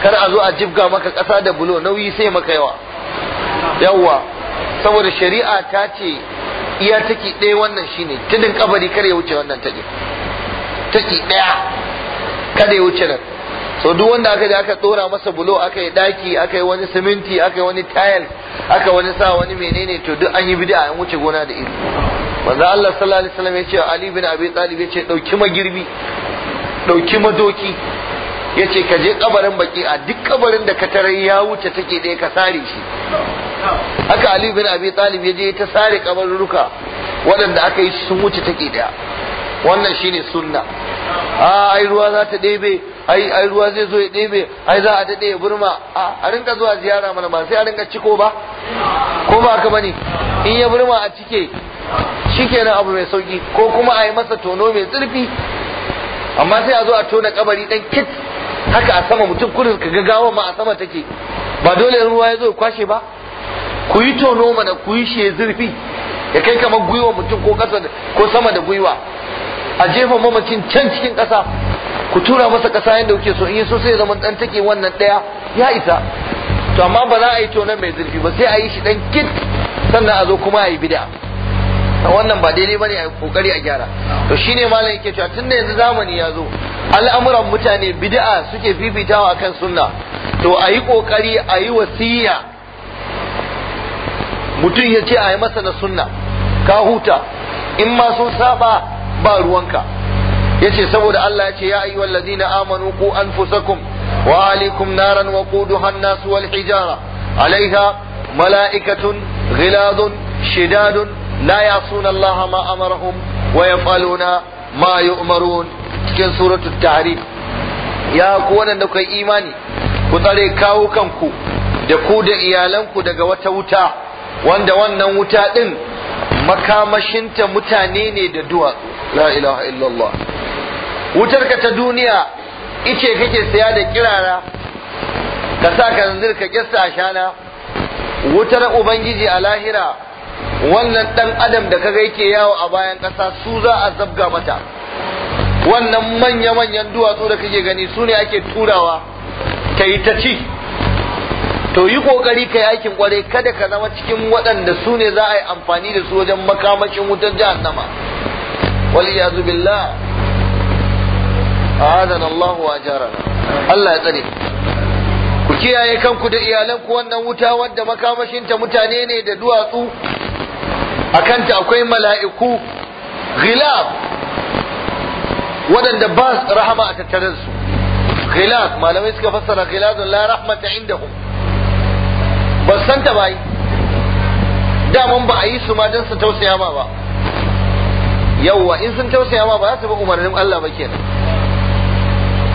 kar a zo a jibga maka ƙasa da bulo nauyi sai maka yawa yawwa saboda shari'a ta ce iya taki ɗaya wannan shine tudun kabari kare wuce wannan taki taki ɗaya kada ya wuce nan so duk wanda aka da aka tsora masa bulo aka yi daki aka yi wani siminti aka yi wani tile aka wani sa wani menene to duk an yi bid'a an wuce gona da iri manzo Allah sallallahu alaihi wasallam yace Ali bin Abi Talib yace dauki magirbi dauki madoki yace ka je kabarin baki a duk kabarin da ka tarar ya wuce take ɗaya ka sare shi haka ali bin abi talib ya je ta sare kabarruka waɗanda aka yi sun wuce take daya wannan shine sunna a ai ruwa za ta ɗebe ai ai ruwa zai zo ya ɗebe ai za a daɗe ya burma a rinka zuwa ziyara mana ba sai a rinka ciko ba ko ba haka bane in ya burma a cike shikenan abu mai sauki ko kuma a yi masa tono mai tsirfi amma sai a zo a tona kabari dan kit haka a sama mutum kurin ka gaggawa ma a sama take ba dole ruwa ya zo kwashe ba ku yi tono mana ku yi shi zurfi ya kai kamar gwiwa mutum ko kasa ko sama da gwiwa a jefa mamacin can cikin ƙasa ku tura masa ƙasa yadda kuke so in so sai zama dan take wannan ɗaya ya isa to amma ba za a yi tonon mai zurfi ba sai a yi shi dan kit sannan a zo kuma a yi bida wannan ba daidai bane a yi kokari a gyara to shine malam yake cewa tun da yanzu zamani ya zo al'amuran mutane bid'a suke fifitawa akan sunna to a yi kokari a yi wasiya mutum ya ce a yi masa na sunna ka huta in ma sun saba ba ruwanka ya ce saboda Allah ya ce ya ayyuhal ladina amanu ku anfusakum wa alikum naran wa quduha nas wal hijara alaiha mala'ikatun ghiladun shidadun la ya'suna Allah ma amarahum wa yaf'aluna ma yu'marun cikin suratu ta'rif ya ku wanda kai imani ku tsare kawo kanku da ku da iyalanku daga wata wuta wanda wannan wuta din makamashinta mutane ne da duwa. la ilaha illallah wutarka ta duniya ice kake saya da kirara ka sa ka zanzir ka kyasta a shana wutar ubangiji a lahira wannan dan adam da kaga yake yawo a bayan ƙasa su za a zabga mata wannan manya-manyan duwatsu da kake gani su ne ake turawa ta yi ta ci to yi kokari kai aikin kwarai kada ka zama cikin waɗanda su ne za a yi amfani da su wajen makamashin wutar jahannama wal iyazu billah a'adana Allah wa ajarana Allah ya tsare ku kiyaye kanku da iyalanku wannan wuta wadda makamashinta mutane ne da duwatsu a kanta akwai mala'iku ghilab waɗanda ba rahama a tattarinsu ghilab malamai suka fassara ghilazun la rahmata indahum ba san ta bai daman ba a yi su ma don su tausaya ma ba yawwa in sun tausaya ma ba za su bi umarnin Allah ba kenan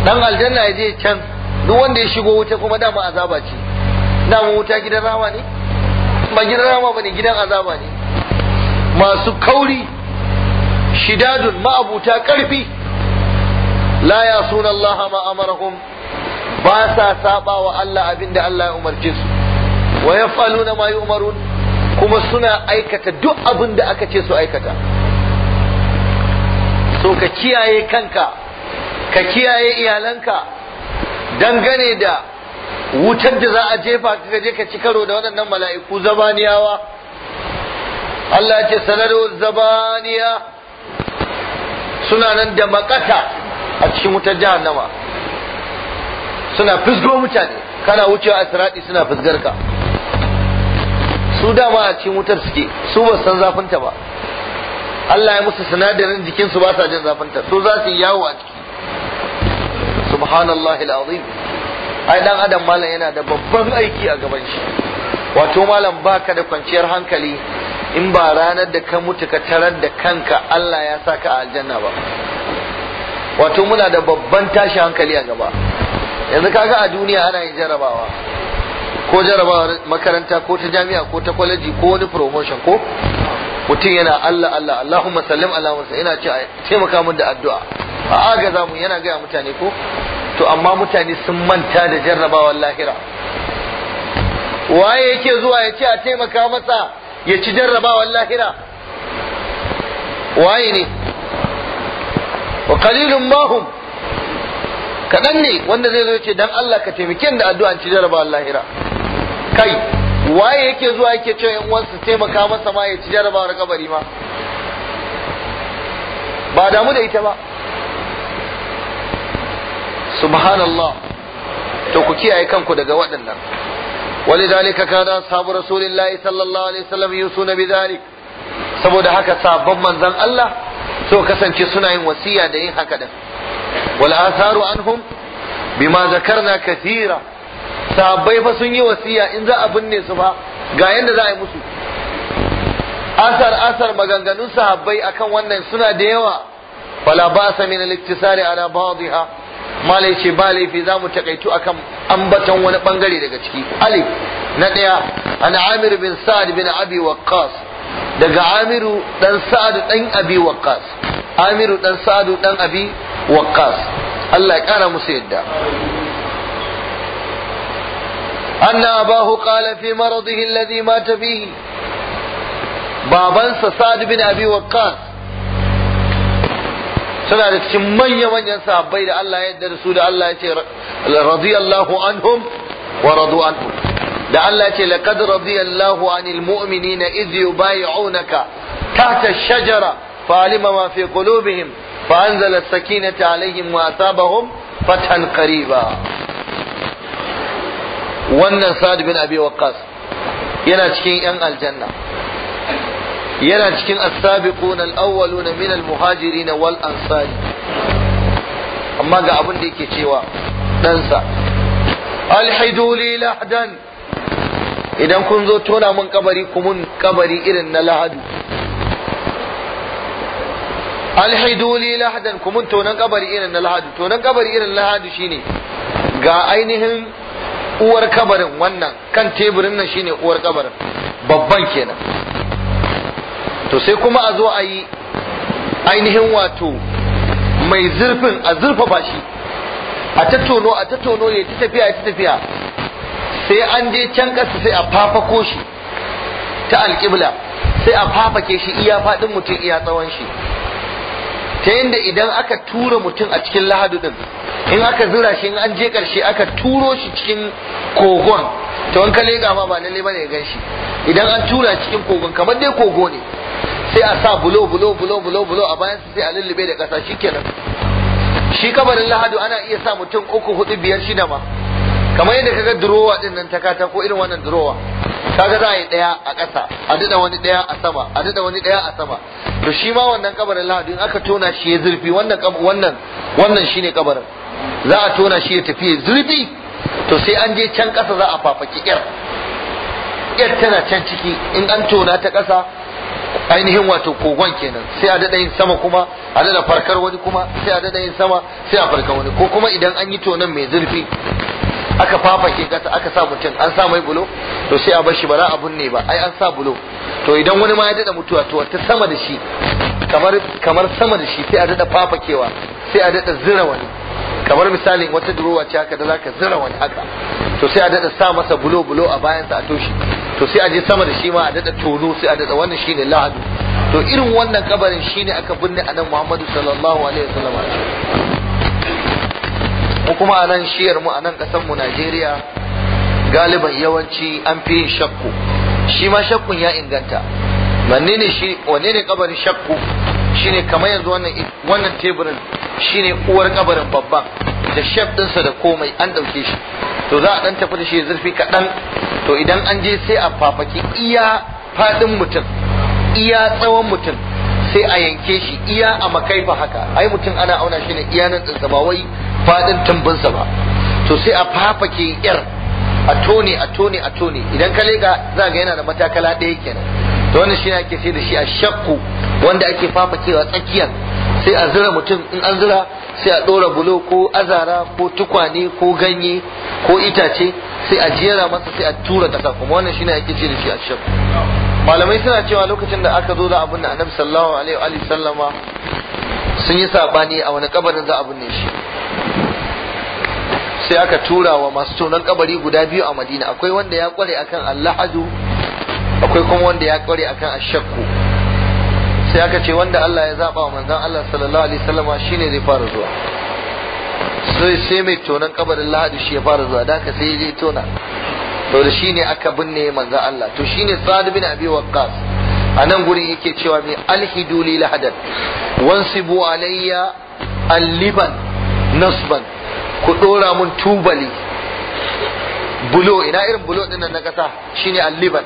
dan aljanna ya je can duk wanda ya shigo wuta kuma dama azaba ce dama wuta gidan rama ne ba gidan rama ba ne gidan azaba ne masu kauri shidadun ma'abuta karfi la ya suna Allah ma amarahum ba sa saba wa Allah abinda Allah ya umarce su wa na mayu yu'marun kuma suna aikata duk abin da aka ce su aikata so ka kiyaye kanka ka kiyaye iyalanka dangane da wutar da za a jefa ka je ka ci karo da waɗannan mala'iku zabaniyawa Allah ce sanarwar zabaniya suna nan da makata a cikin wutar jahannama suna fisgo mutane kana wucewa a suna fisgar ka su dama a cikin wutar suke su ba san zafinta ba Allah ya musu sinadarin jikin su ba sa jin zafinta su za su yawo a ciki subhanallahi alazim ai dan adam malam yana da babban aiki a gaban shi wato malam baka da kwanciyar hankali in ba ranar da ka mutu ka tarar da kanka Allah ya saka a aljanna ba wato muna da babban tashi hankali a gaba yanzu kaga a duniya ana yin jarabawa ko jarabawar makaranta ko ta jami'a ko ta kwaleji ko wani promotion ko mutum yana Allah Allah Allahumma sallim ala musa yana ce taimaka mun da addu'a a agaza mu yana gaya mutane ko to amma mutane sun manta da jarrabawar lahira waye yake zuwa ya ce a taimaka masa ya ci jarrabawar lahira waye ne wa qalilun mahum kaɗan ne wanda zai zo ce dan Allah ka taimake da addu'a ci jaraba lahira kai waye yake zuwa yake ce yan uwansa taimaka masa ma ya ci jarabawar kabari ma ba damu da ita ba subhanallah to ku kiyaye kanku daga waɗannan ولذلك كان أصحاب رسول الله صلى الله عليه وسلم يوصون بذلك saboda haka sabon manzan Allah so kasance suna yin wasiya da yin haka da. والآثار عنهم بما ذكرنا كثيرا sahabbai fa sun yi wasiya in za a binne su fa ga yadda za a yi musu asar asar maganganun sahabbai akan wannan suna da yawa Wala ba sa min al-iktisari ala ba'dha malai ce ba laifi za mu takaitu akan ambatan wani bangare daga ciki alif na daya an amir bin sa'ad bin abi waqqas daga amiru dan sa'ad dan abi waqqas amiru dan sa'ad dan abi waqqas Allah ya kara musu yadda anna abahu qala fi maradihi alladhi mata fihi babansa Sa'd bin Abi Waqqas suna da cikin manya-manyan sahabbai da Allah ya yarda da su da Allah ya ce radiyallahu anhum wa radu anhu da Allah ya ce laqad radiyallahu anil mu'minina idh yubay'unaka tahta ash-shajara fa'alima ma fi qulubihim fa anzala sakinata alaihim wa asabahum fathan wannan Sa'ad bin Abi yana cikin yan aljanna yana cikin as-sabiqun al-awwalun min al-muhajirin wal ansari amma ga abin da yake cewa ɗansa alhaiduli lahdan idan kun zo tona mun kabari kumun kabari irin na lahadu alhidu li lahadan ku mun tonan kabari irin na lahadu tonan kabari irin lahadu shine ga ainihin uwar kabarin wannan kan teburin nan shine uwar kabarin babban kenan to sai kuma a zo a yi ainihin wato mai zurfin a zurfafa shi a tattono a tattono ya ta tafiya ta tafiya sai an je can ƙasa sai a fafako shi ta alƙibla sai a fafake shi iya faɗin mutum iya tsawon shi ta yadda idan aka tura mutum a cikin lahadu din in aka zura shi in an je karshe aka turo shi cikin kogon to wanka lega ma ba lalle bane ya gan shi idan an tura cikin kogon kamar dai kogo ne sai a sa bulo bulo bulo bulo bulo a bayan sai a lullube da ƙasa shikenan shi kabarin lahadu ana iya sa mutum uku hudu biyar shida ma kamar yadda ga durowa din nan ta katako irin wannan durowa kaga za a yi ɗaya a ƙasa a dada wani daya a sama a dada wani daya a sama to shi ma wannan kabarin lahadi aka tona shi ya zurfi wannan wannan wannan shine kabarin za a tona shi ya tafi zurfi to sai an je can ƙasa za a fafaki ƙyar ƙyar tana can ciki in an tona ta ƙasa ainihin wato kogon kenan sai a dada yin sama kuma a dada farkar wani kuma sai a dada yin sama sai a farkar wani ko kuma idan an yi tonan mai zurfi aka fafake kasa aka sa mutum an sa mai bulo to sai a bar shi ba za a binne ba ai an sa bulo to idan wani ma ya dada mutuwa to ta sama da shi kamar kamar sama da shi sai a dada fafakewa sai a dada zira wani kamar misalin wata durowa ce haka da zaka zira wani haka to sai a dada sa masa bulo bulo a bayan sa a toshi to sai a je sama da shi ma a dada tono sai a dada wannan shine lahadu to irin wannan kabarin shine aka binne annabi Muhammadu sallallahu alaihi wasallam mu kuma a nan shiyar mu a nan ƙasar mu Najeriya galiban yawanci an fi yin shakku shi ma shakkun ya inganta wanne ne shi wanne ne kabarin shakku shine kamar yanzu wannan wannan teburin shine uwar kabarin babban da shef dinsa da komai an dauke shi to za a dan tafi da shi zurfi kaɗan to idan an je sai a fafaki iya faɗin mutum iya tsawon mutum sai a yanke shi iya a makaifa haka ai mutum ana auna shi ne iya nan tsinsa ba wai fadin tumbinsa ba to sai a fafake yar a tone a tone a tone idan ka lega za ga yana da matakala ɗaya kenan to wannan shi ake sai da shi a shakku wanda ake fafakewa tsakiyar sai a zira mutum in an zira sai a ɗora bulo ko azara ko tukwane ko ganye ko itace sai a jera masa sai a tura ƙasa kuma wannan shi ake ce da shi a shakku malamai suna cewa lokacin da aka zo za a binne annabi sallallahu alaihi wa sallama sun yi sabani a wani kabarin za a binne shi sai aka tura wa masu tonon kabari guda biyu a madina akwai wanda ya kware akan allahadu akwai kuma wanda ya kware akan ashakku sai aka ce wanda Allah ya zaba wa manzon Allah sallallahu alaihi wasallama shine zai fara zuwa sai sai mai tonon kabarin Lahadi shi ya fara zuwa da ka sai ya je tona to da shine aka binne manzo Allah to shine Sa'd bin Abi Waqqas a nan gurin yake cewa mai alhidu lil hadad wansibu alayya alliban nasban ku dora mun tubali bulo ina irin bulo din nan na kasa shine alliban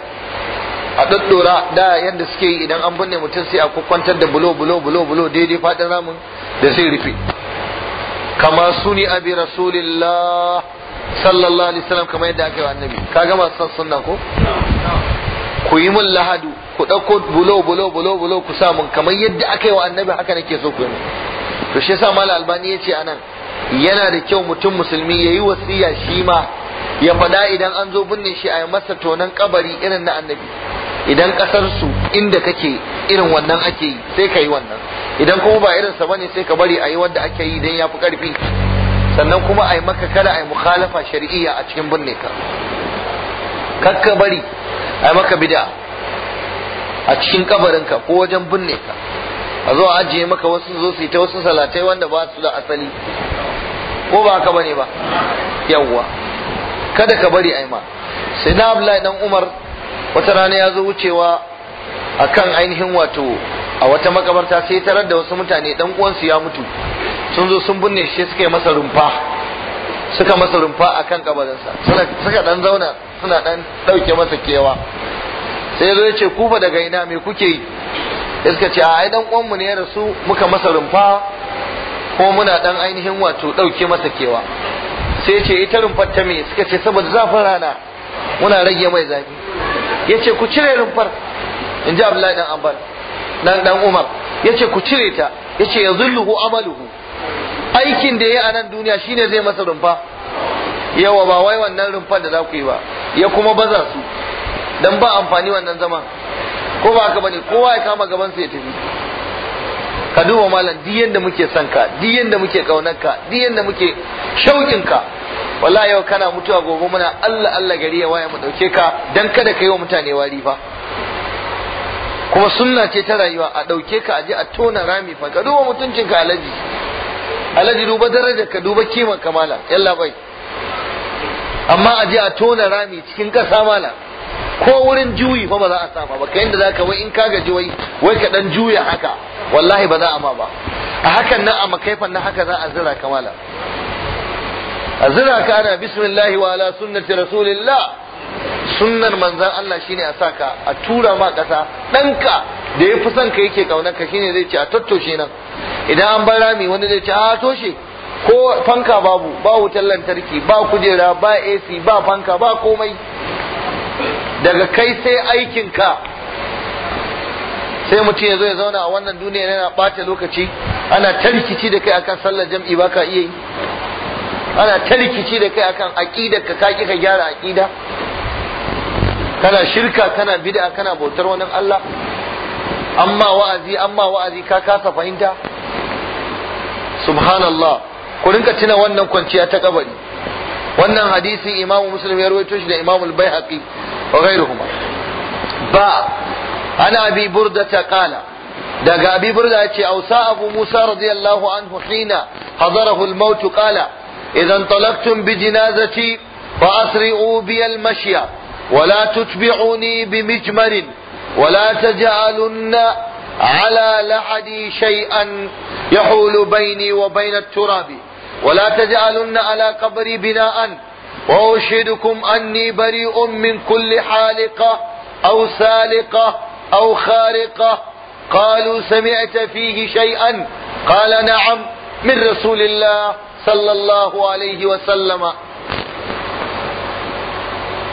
a daddora da yadda suke yi idan an binne mutum sai a kwantar da bulo bulo bulo bulo daidai fadin ramun da sai rufe kama suni abi rasulillah sallallahu alaihi wasallam kamar yadda aka yi wa annabi ka ga masu san sunna ko ku yi min lahadu ku ɗauko bulo bulo bulo bulo ku sa mun kamar yadda aka yi wa annabi haka nake so ku yi to shi yasa mala albani yace anan yana da kyau mutum musulmi yayi wasiya shi ma ya faɗa idan an zo binne shi a yi masa tonan kabari irin na annabi idan kasar su inda kake irin wannan ake yi sai ka yi wannan idan kuma ba irinsa bane sai ka bari a yi wanda ake yi dan ya fi ƙarfi sannan kuma a yi maka kada a yi mukhalafa shari'iyya a cikin binne ka kakka bari a yi maka bid'a a cikin kabarinka ko wajen binne ka a zo a ajiye maka wasu zo su yi ta wasu salatai wanda ba su da asali ko ba ka bane ba yawwa kada ka bari a yi ma sai na abdullahi dan umar wata rana ya zo wucewa akan ainihin wato a wata makabarta sai tarar da wasu mutane dan uwansu ya mutu sun zo sun binne shi suka yi masa rumfa suka masa rumfa a kan kabarinsa suka dan zauna suna dan ɗauke masa kewa sai zo ya ce kufa daga ina me kuke yi iska ce ai dan uwanmu ne ya rasu muka masa rumfa ko muna dan ainihin wato ɗauke masa kewa sai ce ita rumfar ta me suka ce saboda zafin rana muna rage mai zafi ya ce ku cire rumfar in ji abdullahi dan abbar dan umar ya ce ku cire ta ya ce ya zulluhu amaluhu aikin da ya a nan duniya shine zai masa rumfa yawa ba wai wannan rumfa da za ku yi ba ya kuma baza su don ba amfani wannan zaman ko ba haka bane kowa ya kama gaban su ya tafi ka duba malam duk yanda muke son ka duk yanda muke kaunar ka duk yanda muke shaukin ka wallahi yau kana mutuwa gobe muna Allah Allah gari ya waye mu dauke ka dan kada ka yi wa mutane wari fa kuma sunna ce ta rayuwa a dauke ka aje a tona rami fa ka duba mutuncin ka alaji alaji duba darajar ka duba kiman kamala yalla bai amma a je a tona rami cikin kasa mala ko wurin juyi fa ba za a safa ba kayan da zaka wai in ka gaji wai wai ka dan juya haka wallahi ba za a ma ba a hakan nan a makaifan nan haka za a zira kamala a zira ka ana bismillahi wa ala sunnati rasulillah sunnar manzan Allah shine a saka a tura ma kasa ɗanka da ya fi son ka yake kaunar ka shine zai ce a tattoshe nan idan an bar rami wani zai ce a ah, toshe ko fanka babu ba wutar lantarki ba kujera ba AC ba fanka ba komai daga kai sai aikin ka sai mutum ya zo ya zauna a wannan duniya yana ɓata lokaci ana ta rikici da kai akan sallar jam'i ba ka iya yi ana ta rikici da kai akan aƙida ka ka ka gyara aƙida kana shirka kana bid'a kana bautar wani Allah amma wa'azi amma wa'azi ka kasa fahimta subhanallah ku rinka tuna wannan kwanciya ta kabari wannan hadisi Imam muslim ya rawaito shi da Imam al-baihaqi wa ghayruhuma ba ana abi burda ta qala daga abi burda ya ce ausa abu musa radiyallahu anhu hina hadarahu al-maut qala idan talaqtum bi jinazati fa asri'u bi al-mashya ولا تتبعوني بمجمر ولا تجعلن على لحدي شيئا يحول بيني وبين التراب ولا تجعلن على قبري بناء وأشهدكم أني بريء من كل حالقة أو سالقة أو خارقة قالوا سمعت فيه شيئا قال نعم من رسول الله صلى الله عليه وسلم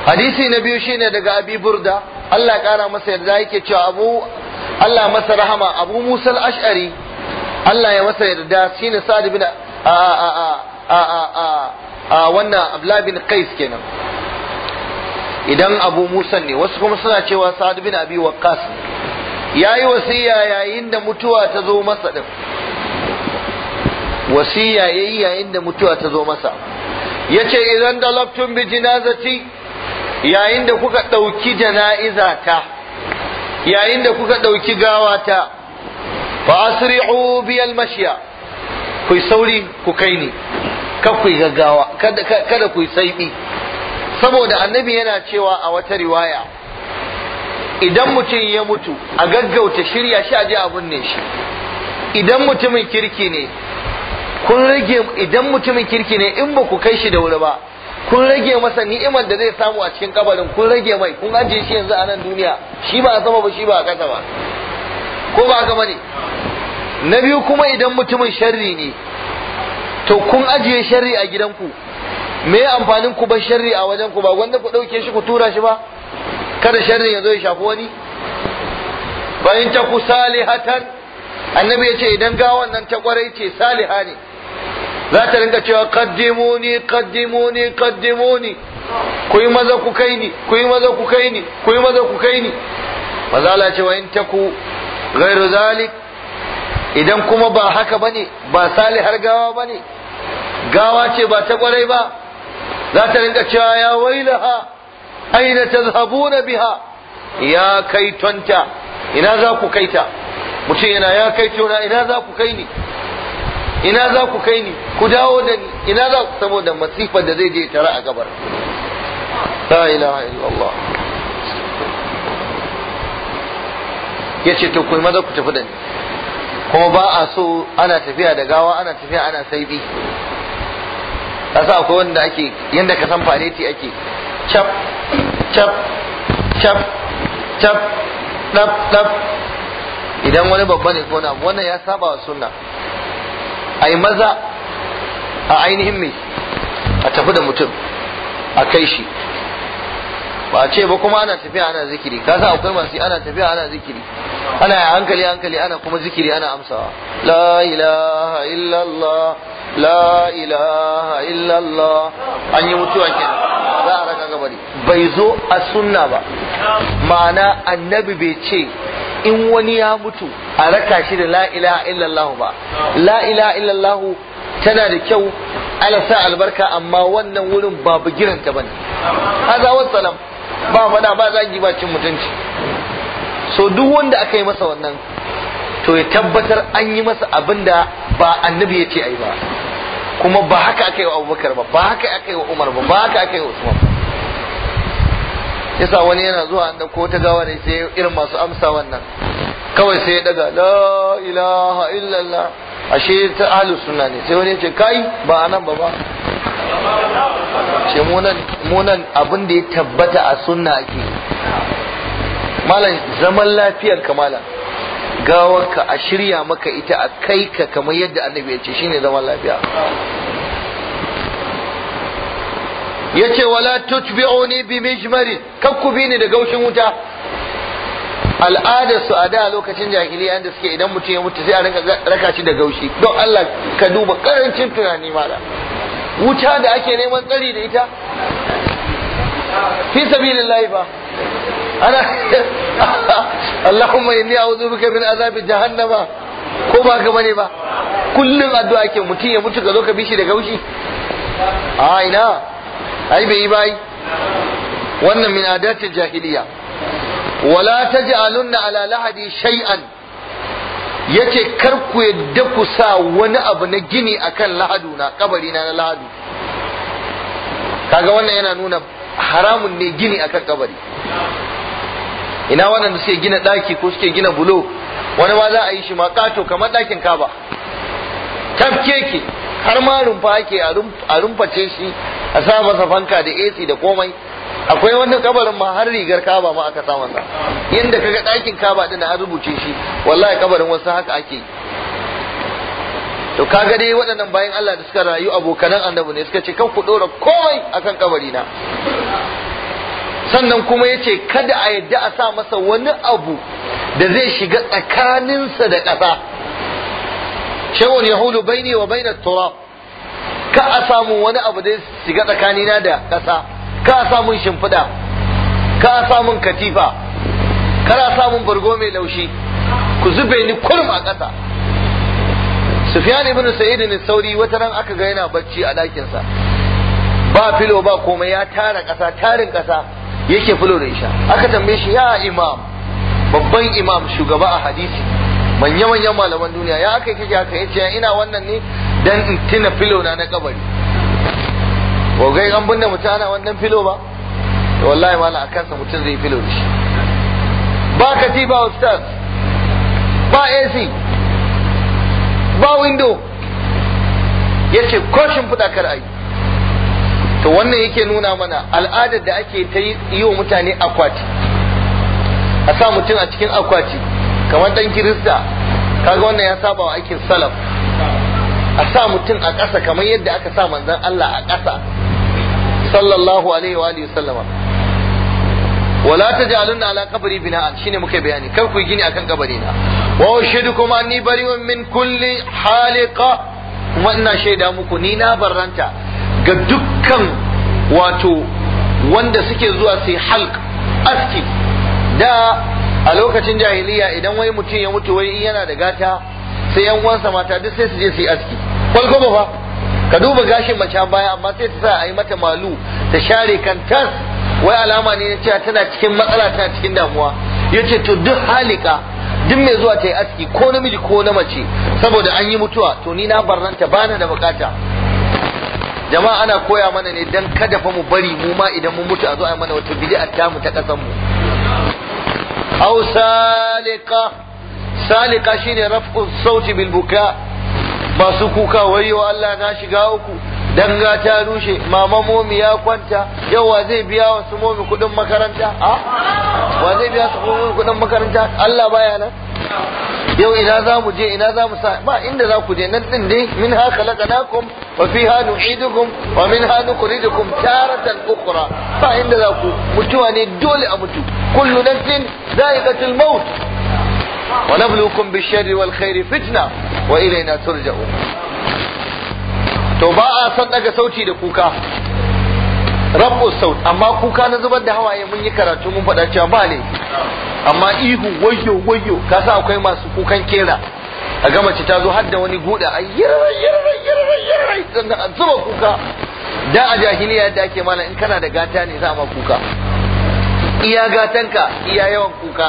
حديث نبي شين دقى أبي بردة Allah ya kara masa yarda yake cewa abu Allah masa rahama abu Musa al-Ash'ari Allah ya masa yarda shine Sa'd bin a a a a a wannan Abdullah bin Qais kenan idan Abu Musa ne wasu kuma suna cewa Sa'd bin Abi Waqqas yayi wasiya yayin da mutuwa ta zo masa din wasiya yayi yayin da mutuwa ta zo masa yace idan dalabtum bi jinazati yayin da kuka ɗauki jana'iza ta yayin da kuka ɗauki gawa ta fa asri'u biyal mashiya ku sauri ku kai ni kada ku gaggawa kada ku saibi saboda annabi yana cewa a wata riwaya idan mutum ya mutu a gaggauta shirya shi a a binne shi idan mutumin kirki ne kun rage idan mutumin kirki ne in ba ku kai shi da wuri ba kun rage masa ni'imar da zai samu a cikin kabarin kun rage mai kun ajiye shi yanzu a nan duniya shi ba a sama ba shi ba a kasa ba ko ba haka bane na biyu kuma idan mutumin sharri ne to kun ajiye sharri a gidanku me ya amfanin ku bar sharri a wajen ku ba wanda ku dauke shi ku tura shi ba kada sharri ya zo ya shafi wani bayan ta ku salihatan annabi ya ce idan ga nan ta kwarai ce saliha ne za ta rinka cewa kaddimuni kaddimuni kaddimuni ku yi maza ku kai ni ku yi maza ku kai ni ku yi maza ku kai ni mazala ce wa in taku gairu zalik idan kuma ba haka bane ba salihar gawa bane gawa ce ba ta kwarai ba za ta rinka cewa ya wailaha aina tazhabuna biha ya kaitonta ina za ku kaita mutum yana ya kaito na ina za ku kai ni ina za ku kai ni ku dawo da ni ina za ku saboda masifar da zai je tara a gabar la ilaha illallah ya ce to ku maza ku tafi da ni kuma ba a so ana tafiya da gawa ana tafiya ana saibi kasa akwai wanda ake yadda ka san faleti ake cap cap cap cap dab dab idan wani babba ne ko na wannan ya saba wa sunna a yi maza a ainihin mai a tafi da mutum a kai shi ba a ce ba kuma ana tafiya ana zikiri ka sa akwai masu ana tafiya ana zikiri ana hankali hankali ana kuma zikiri ana amsawa la ilaha illallah la ilaha illallah an yi mutuwa kenan za a raka gabari bai zo a sunna ba ma'ana annabi bai ce in wani ya mutu a raka shi da la ilaha ba la ilaha tana da kyau ala sa albarka amma wannan wurin ba bugiranta bane haza wassalam ba fada ba zagi ba cin mutunci so duk wanda aka yi masa wannan to ya tabbatar an yi masa abin da ba annabi ya ce yi ba kuma ba haka aka yi wa abubakar ba ba haka aka yi wa umar ba ba haka aka yi wa usman ba yasa wani yana zuwa an ko ta gawa ne sai irin masu amsa wannan kawai sai ya daga la ilaha illallah ashe ta ahlus sunna ne sai wani ya ce kai ba anan ba ba ce munan abin da ya tabbata a sunna ake malam zaman lafiyar kamala ka a shirya maka ita a kai ka kamar yadda annabi ya ce shine zaman lafiya yace wala tutbi'uni bi mijmarin kakku bi ni da gaushin wuta al'adar su a da lokacin jahiliya da suke idan mutum ya mutu sai a raka shi da gaushi don Allah ka duba karancin tunani mala wuta da ake neman tsari da ita fi sabilillahi ba ana Allahumma inni a'udhu bika min azabi jahannama ko ba ka bane ba kullum addu'a ke mutum ya mutu ka zo ka bi shi da gaushi a ina ai bai yi bai. wannan min adati jahiliya wala taj'alunna ala lahadi shay'an yace kar ku yadda ku sa wani abu na gini akan Lahadu na kabari na na lahadu kaga wannan yana nuna haramun ne gini akan kabari ina wannan suke gina daki ko suke gina bulo wani ma za a yi shi ma kato kamar dakin kaba tafke ki har ma rumfa ake a rumface shi a sa masa fanka da AC da komai akwai wani kabarin ma har rigar kaba ma aka sa masa yanda kaga ɗakin kaba din an rubuce shi wallahi kabarin wasu haka ake to kaga dai waɗannan bayan Allah da suka rayu abokanan annabi ne suka ce kan ku dora komai akan na sannan kuma yace kada a yadda a sa masa wani abu da zai shiga tsakaninsa da ƙasa shawon yahudu baini wa baina turab ka a samu wani abu da shiga tsakanina da ƙasa ka a samun shimfiɗa ka a samun katifa ka a samun bargo mai laushi ku zube ni kurum a ƙasa Sufyan ibn Sa'id ne sauri wata ran aka ga yana bacci a ɗakinsa ba filo ba komai ya tara ƙasa tarin ƙasa yake filo da isha aka tambaye shi ya imam babban imam shugaba a hadisi manya manyan malaman duniya ya aka yi kike haka cewa ina wannan ne dan in tina filo na na kabari ko gai an binne mutum ana wannan filo ba wallahi mala a kansa mutum zai filo da shi ba katiba ustaz ba AC ba window yace ko shimfiɗa kar ayi to wannan yake nuna mana al'adar da ake ta yi wa mutane akwati a sa mutum a cikin akwati kamar dan kirista kaga wannan ya saba wa aikin salaf a sa mutum a ƙasa kamar yadda aka sa manzon Allah a ƙasa sallallahu alaihi wa alihi sallama wala tajalunna ala qabri an shine muke bayani kar ku gini akan kabari na wa ushidukum anni bari'un min kulli haliqa kuma ina shaida muku ni na barranta ga dukkan wato wanda suke zuwa sai halq aski da a lokacin jahiliya idan wai mutum ya mutu wai yana da gata sai yan uwansa mata duk sai su je su yi aski kwalko ba fa ka duba gashin mace baya amma sai ta sa a yi mata malu ta share kan tas wai alama ne na cewa tana cikin matsala tana cikin damuwa yace to duk halika duk mai zuwa ta yi aski ko namiji ko na mace saboda an yi mutuwa to ni na barranta bana da bukata jama'a ana koya mana ne dan kada fa mu bari mu ma idan mun mutu a zo a mana wata bid'a ta mu ta kasan mu aw salika salika shine raf'u sauti bil masu kuka wai wayo Allah na shiga uku danga ta rushe mama momi ya kwanta yau wa zai biya wasu momi kudin makaranta a wa zai biya su momi kudin makaranta Allah baya nan yau ina za mu je ina za mu sa ba inda za ku je nan din dai min ha khalaqnakum wa fiha nu'idukum wa minha nukhrijukum taratan ukhra ba inda za ku mutuwa ne dole a mutu kullu nafsin za'iqatul maut wa nabluukum bish-sharri wal khairi fitna wa ilayna turja'un to ba a son daga sauti da kuka rabu saut amma kuka na zubar da hawaye mun yi karatu mun faɗa cewa ba ne amma ihu wayo wayo ka akwai masu kukan kera a gama ci ta zo har da wani guda a yirrai sannan a zuba kuka da a jahiliya yadda ake mana in kana da gata ne za ma kuka iya gatanka iya yawan kuka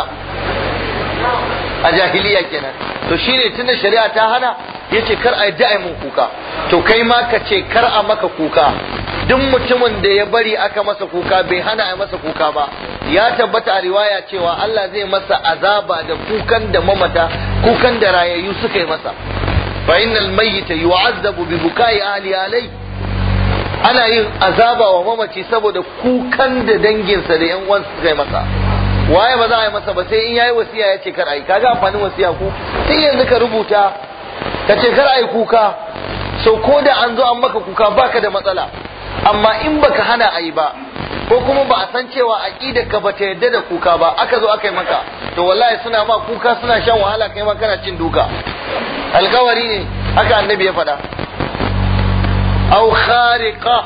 a jahiliya kenan to shine tunda shari'a ta hana yace kar a yadda a mun kuka to kai ma ka ce kar a maka kuka duk mutumin da ya bari aka masa kuka bai hana a masa kuka ba ya tabbata a riwaya cewa Allah zai masa azaba da kukan da mamata kukan da rayayyu suka yi masa fa innal mayyita yu'azzabu bi bukai ahli alai ana yin azaba wa mamaci saboda kukan da danginsa da yan uwansa suka yi masa waye ba za a yi masa ba sai in yayi wasiya ya ce kar ai kaga amfanin wasiya ku tun yanzu ka rubuta ka ce kar yi kuka so ko da an zo an maka kuka baka da matsala amma in baka hana ayi ba ko kuma ba a san cewa aqidar ka ta yarda da kuka ba aka zo aka yi maka to wallahi suna ma kuka suna shan wahala kai ma kana cin duka alkawari ne haka annabi ya faɗa au khariqa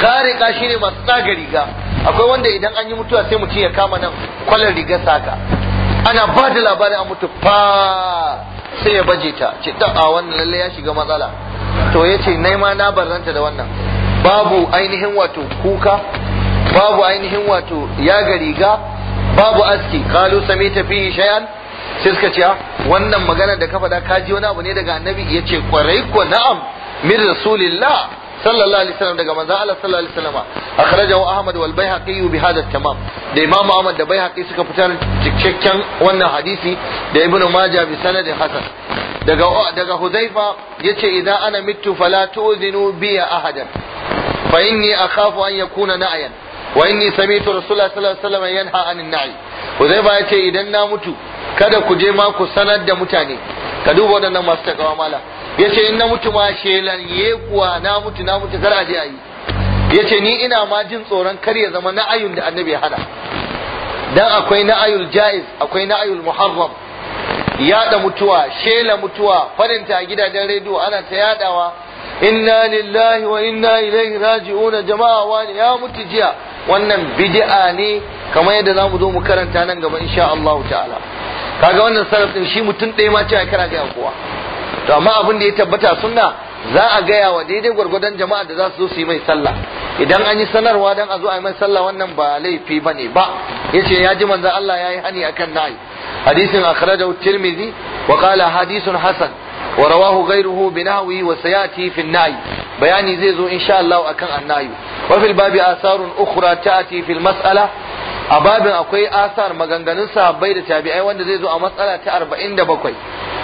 khariqa shine masu tsaga riga akwai wanda idan an yi mutuwa sai mutum ya kama nan kwalar rigar saka ana ba da labarin a mutu fa sai ya baje ta ce ta a wannan lalle ya shiga matsala to ya ce nai ma na barzanta da wannan babu ainihin wato kuka babu ainihin wato ya gariga babu aski kalu sami tafi shayan sai suka ce ah, wannan magana da ka faɗa ka ji wani abu ne daga annabi ya ce kwarai ko na'am min rasulillah sallallahu alaihi wasallam daga manzon Allah sallallahu alaihi wasallam akhrajahu Ahmad wal Baihaqi bi hadha tamam da Imam Ahmad da Baihaqi suka fitar cikakken wannan hadisi da Ibn Majah bi sanadin hasan daga daga Huzaifa yace idan ana mitu fala tu'zinu bi ahadan fa inni akhafu an yakuna na'yan wa inni sami'tu rasulullah sallallahu alaihi wasallam yanha anin na'i Huzaifa yace idan na mutu kada ku je ma ku sanar da mutane ka duba wadannan masu takawa mala ya ce in na mutu ma shelan ye kuwa na mutu na mutu kar a je a yi ya ce ni ina ma jin tsoron kar ya zama na'ayun da annabi hada dan akwai na'ayul jaiz akwai na'ayul muharram yada mutuwa shela mutuwa farinta a gidajen rediyo ana ta yadawa inna lillahi wa inna ilaihi raji'un jama'a wani ya mutu jiya wannan bid'a ne kamar yadda za mu zo mu karanta nan gaba insha Allah ta'ala kaga wannan sarrafin shi mutum ɗaya ma ce a kira ga kowa to amma abin da ya tabbata sunna za a gaya wa daidai gwargwadon jama'a da za su zo su yi mai sallah idan an yi sanarwa dan a zo a yi mai sallah wannan ba laifi bane ba yace ya ji manza Allah yayi hani akan nayi hadisin akhrajahu tirmidhi wa qala hadithun hasan wa rawahu ghayruhu nahwi wa sayati fi nayi bayani zai zo insha Allah akan annayi wa fil babi asarun ukhra ta'ati al mas'ala a babin akwai asar maganganun sahabbai da tabi'ai wanda zai zo a matsala ta 47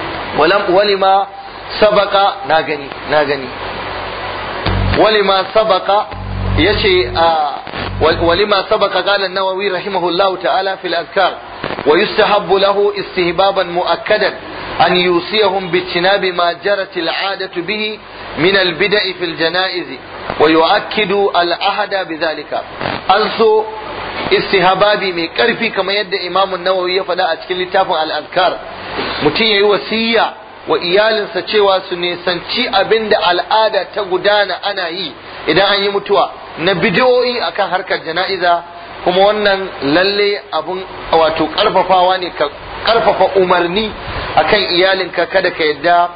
walima sabaka na gani na gani walima sabaka yace walima sabaka qala nawawi rahimahullahu ta'ala fil ويستحب له استهبابا مؤكدا أن يوصيهم باجتناب ما جرت العادة به من البدع في الجنائز ويؤكد العهد بذلك Also istihababi mai karfi kamar yadda imamun nawawi ya faɗa a cikin littafin al'adkar mutum ya yi wasiya wa iyalinsa cewa su nisanci abin da al'ada ta gudana ana yi idan an yi mutuwa na bidiyoyi akan harkar jana'iza kuma wannan lalle abun wato karfafawa ne ka karfafa umarni akan iyalinka kada ka yadda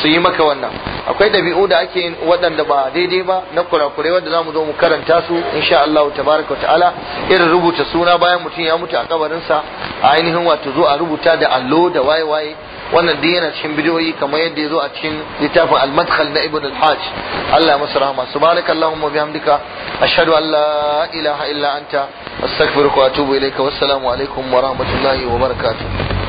su yi maka wannan akwai dabi'u da ake yin waɗanda ba daidai ba na kurakurai wanda mu zo mu karanta su insha Allah tabaraka ta'ala irin rubuta suna bayan mutum ya mutu a kabarin sa a ainihin wato zo a rubuta da allo da waye waye wannan duk yana cikin bidiyoyi kamar yadda ya zo a cikin littafin al-madkhal na ibn al-hajj Allah masa rahama allahumma bihamdika ashhadu an la ilaha illa anta astaghfiruka wa atubu ilayka wassalamu alaikum wa rahmatullahi wa barakatuh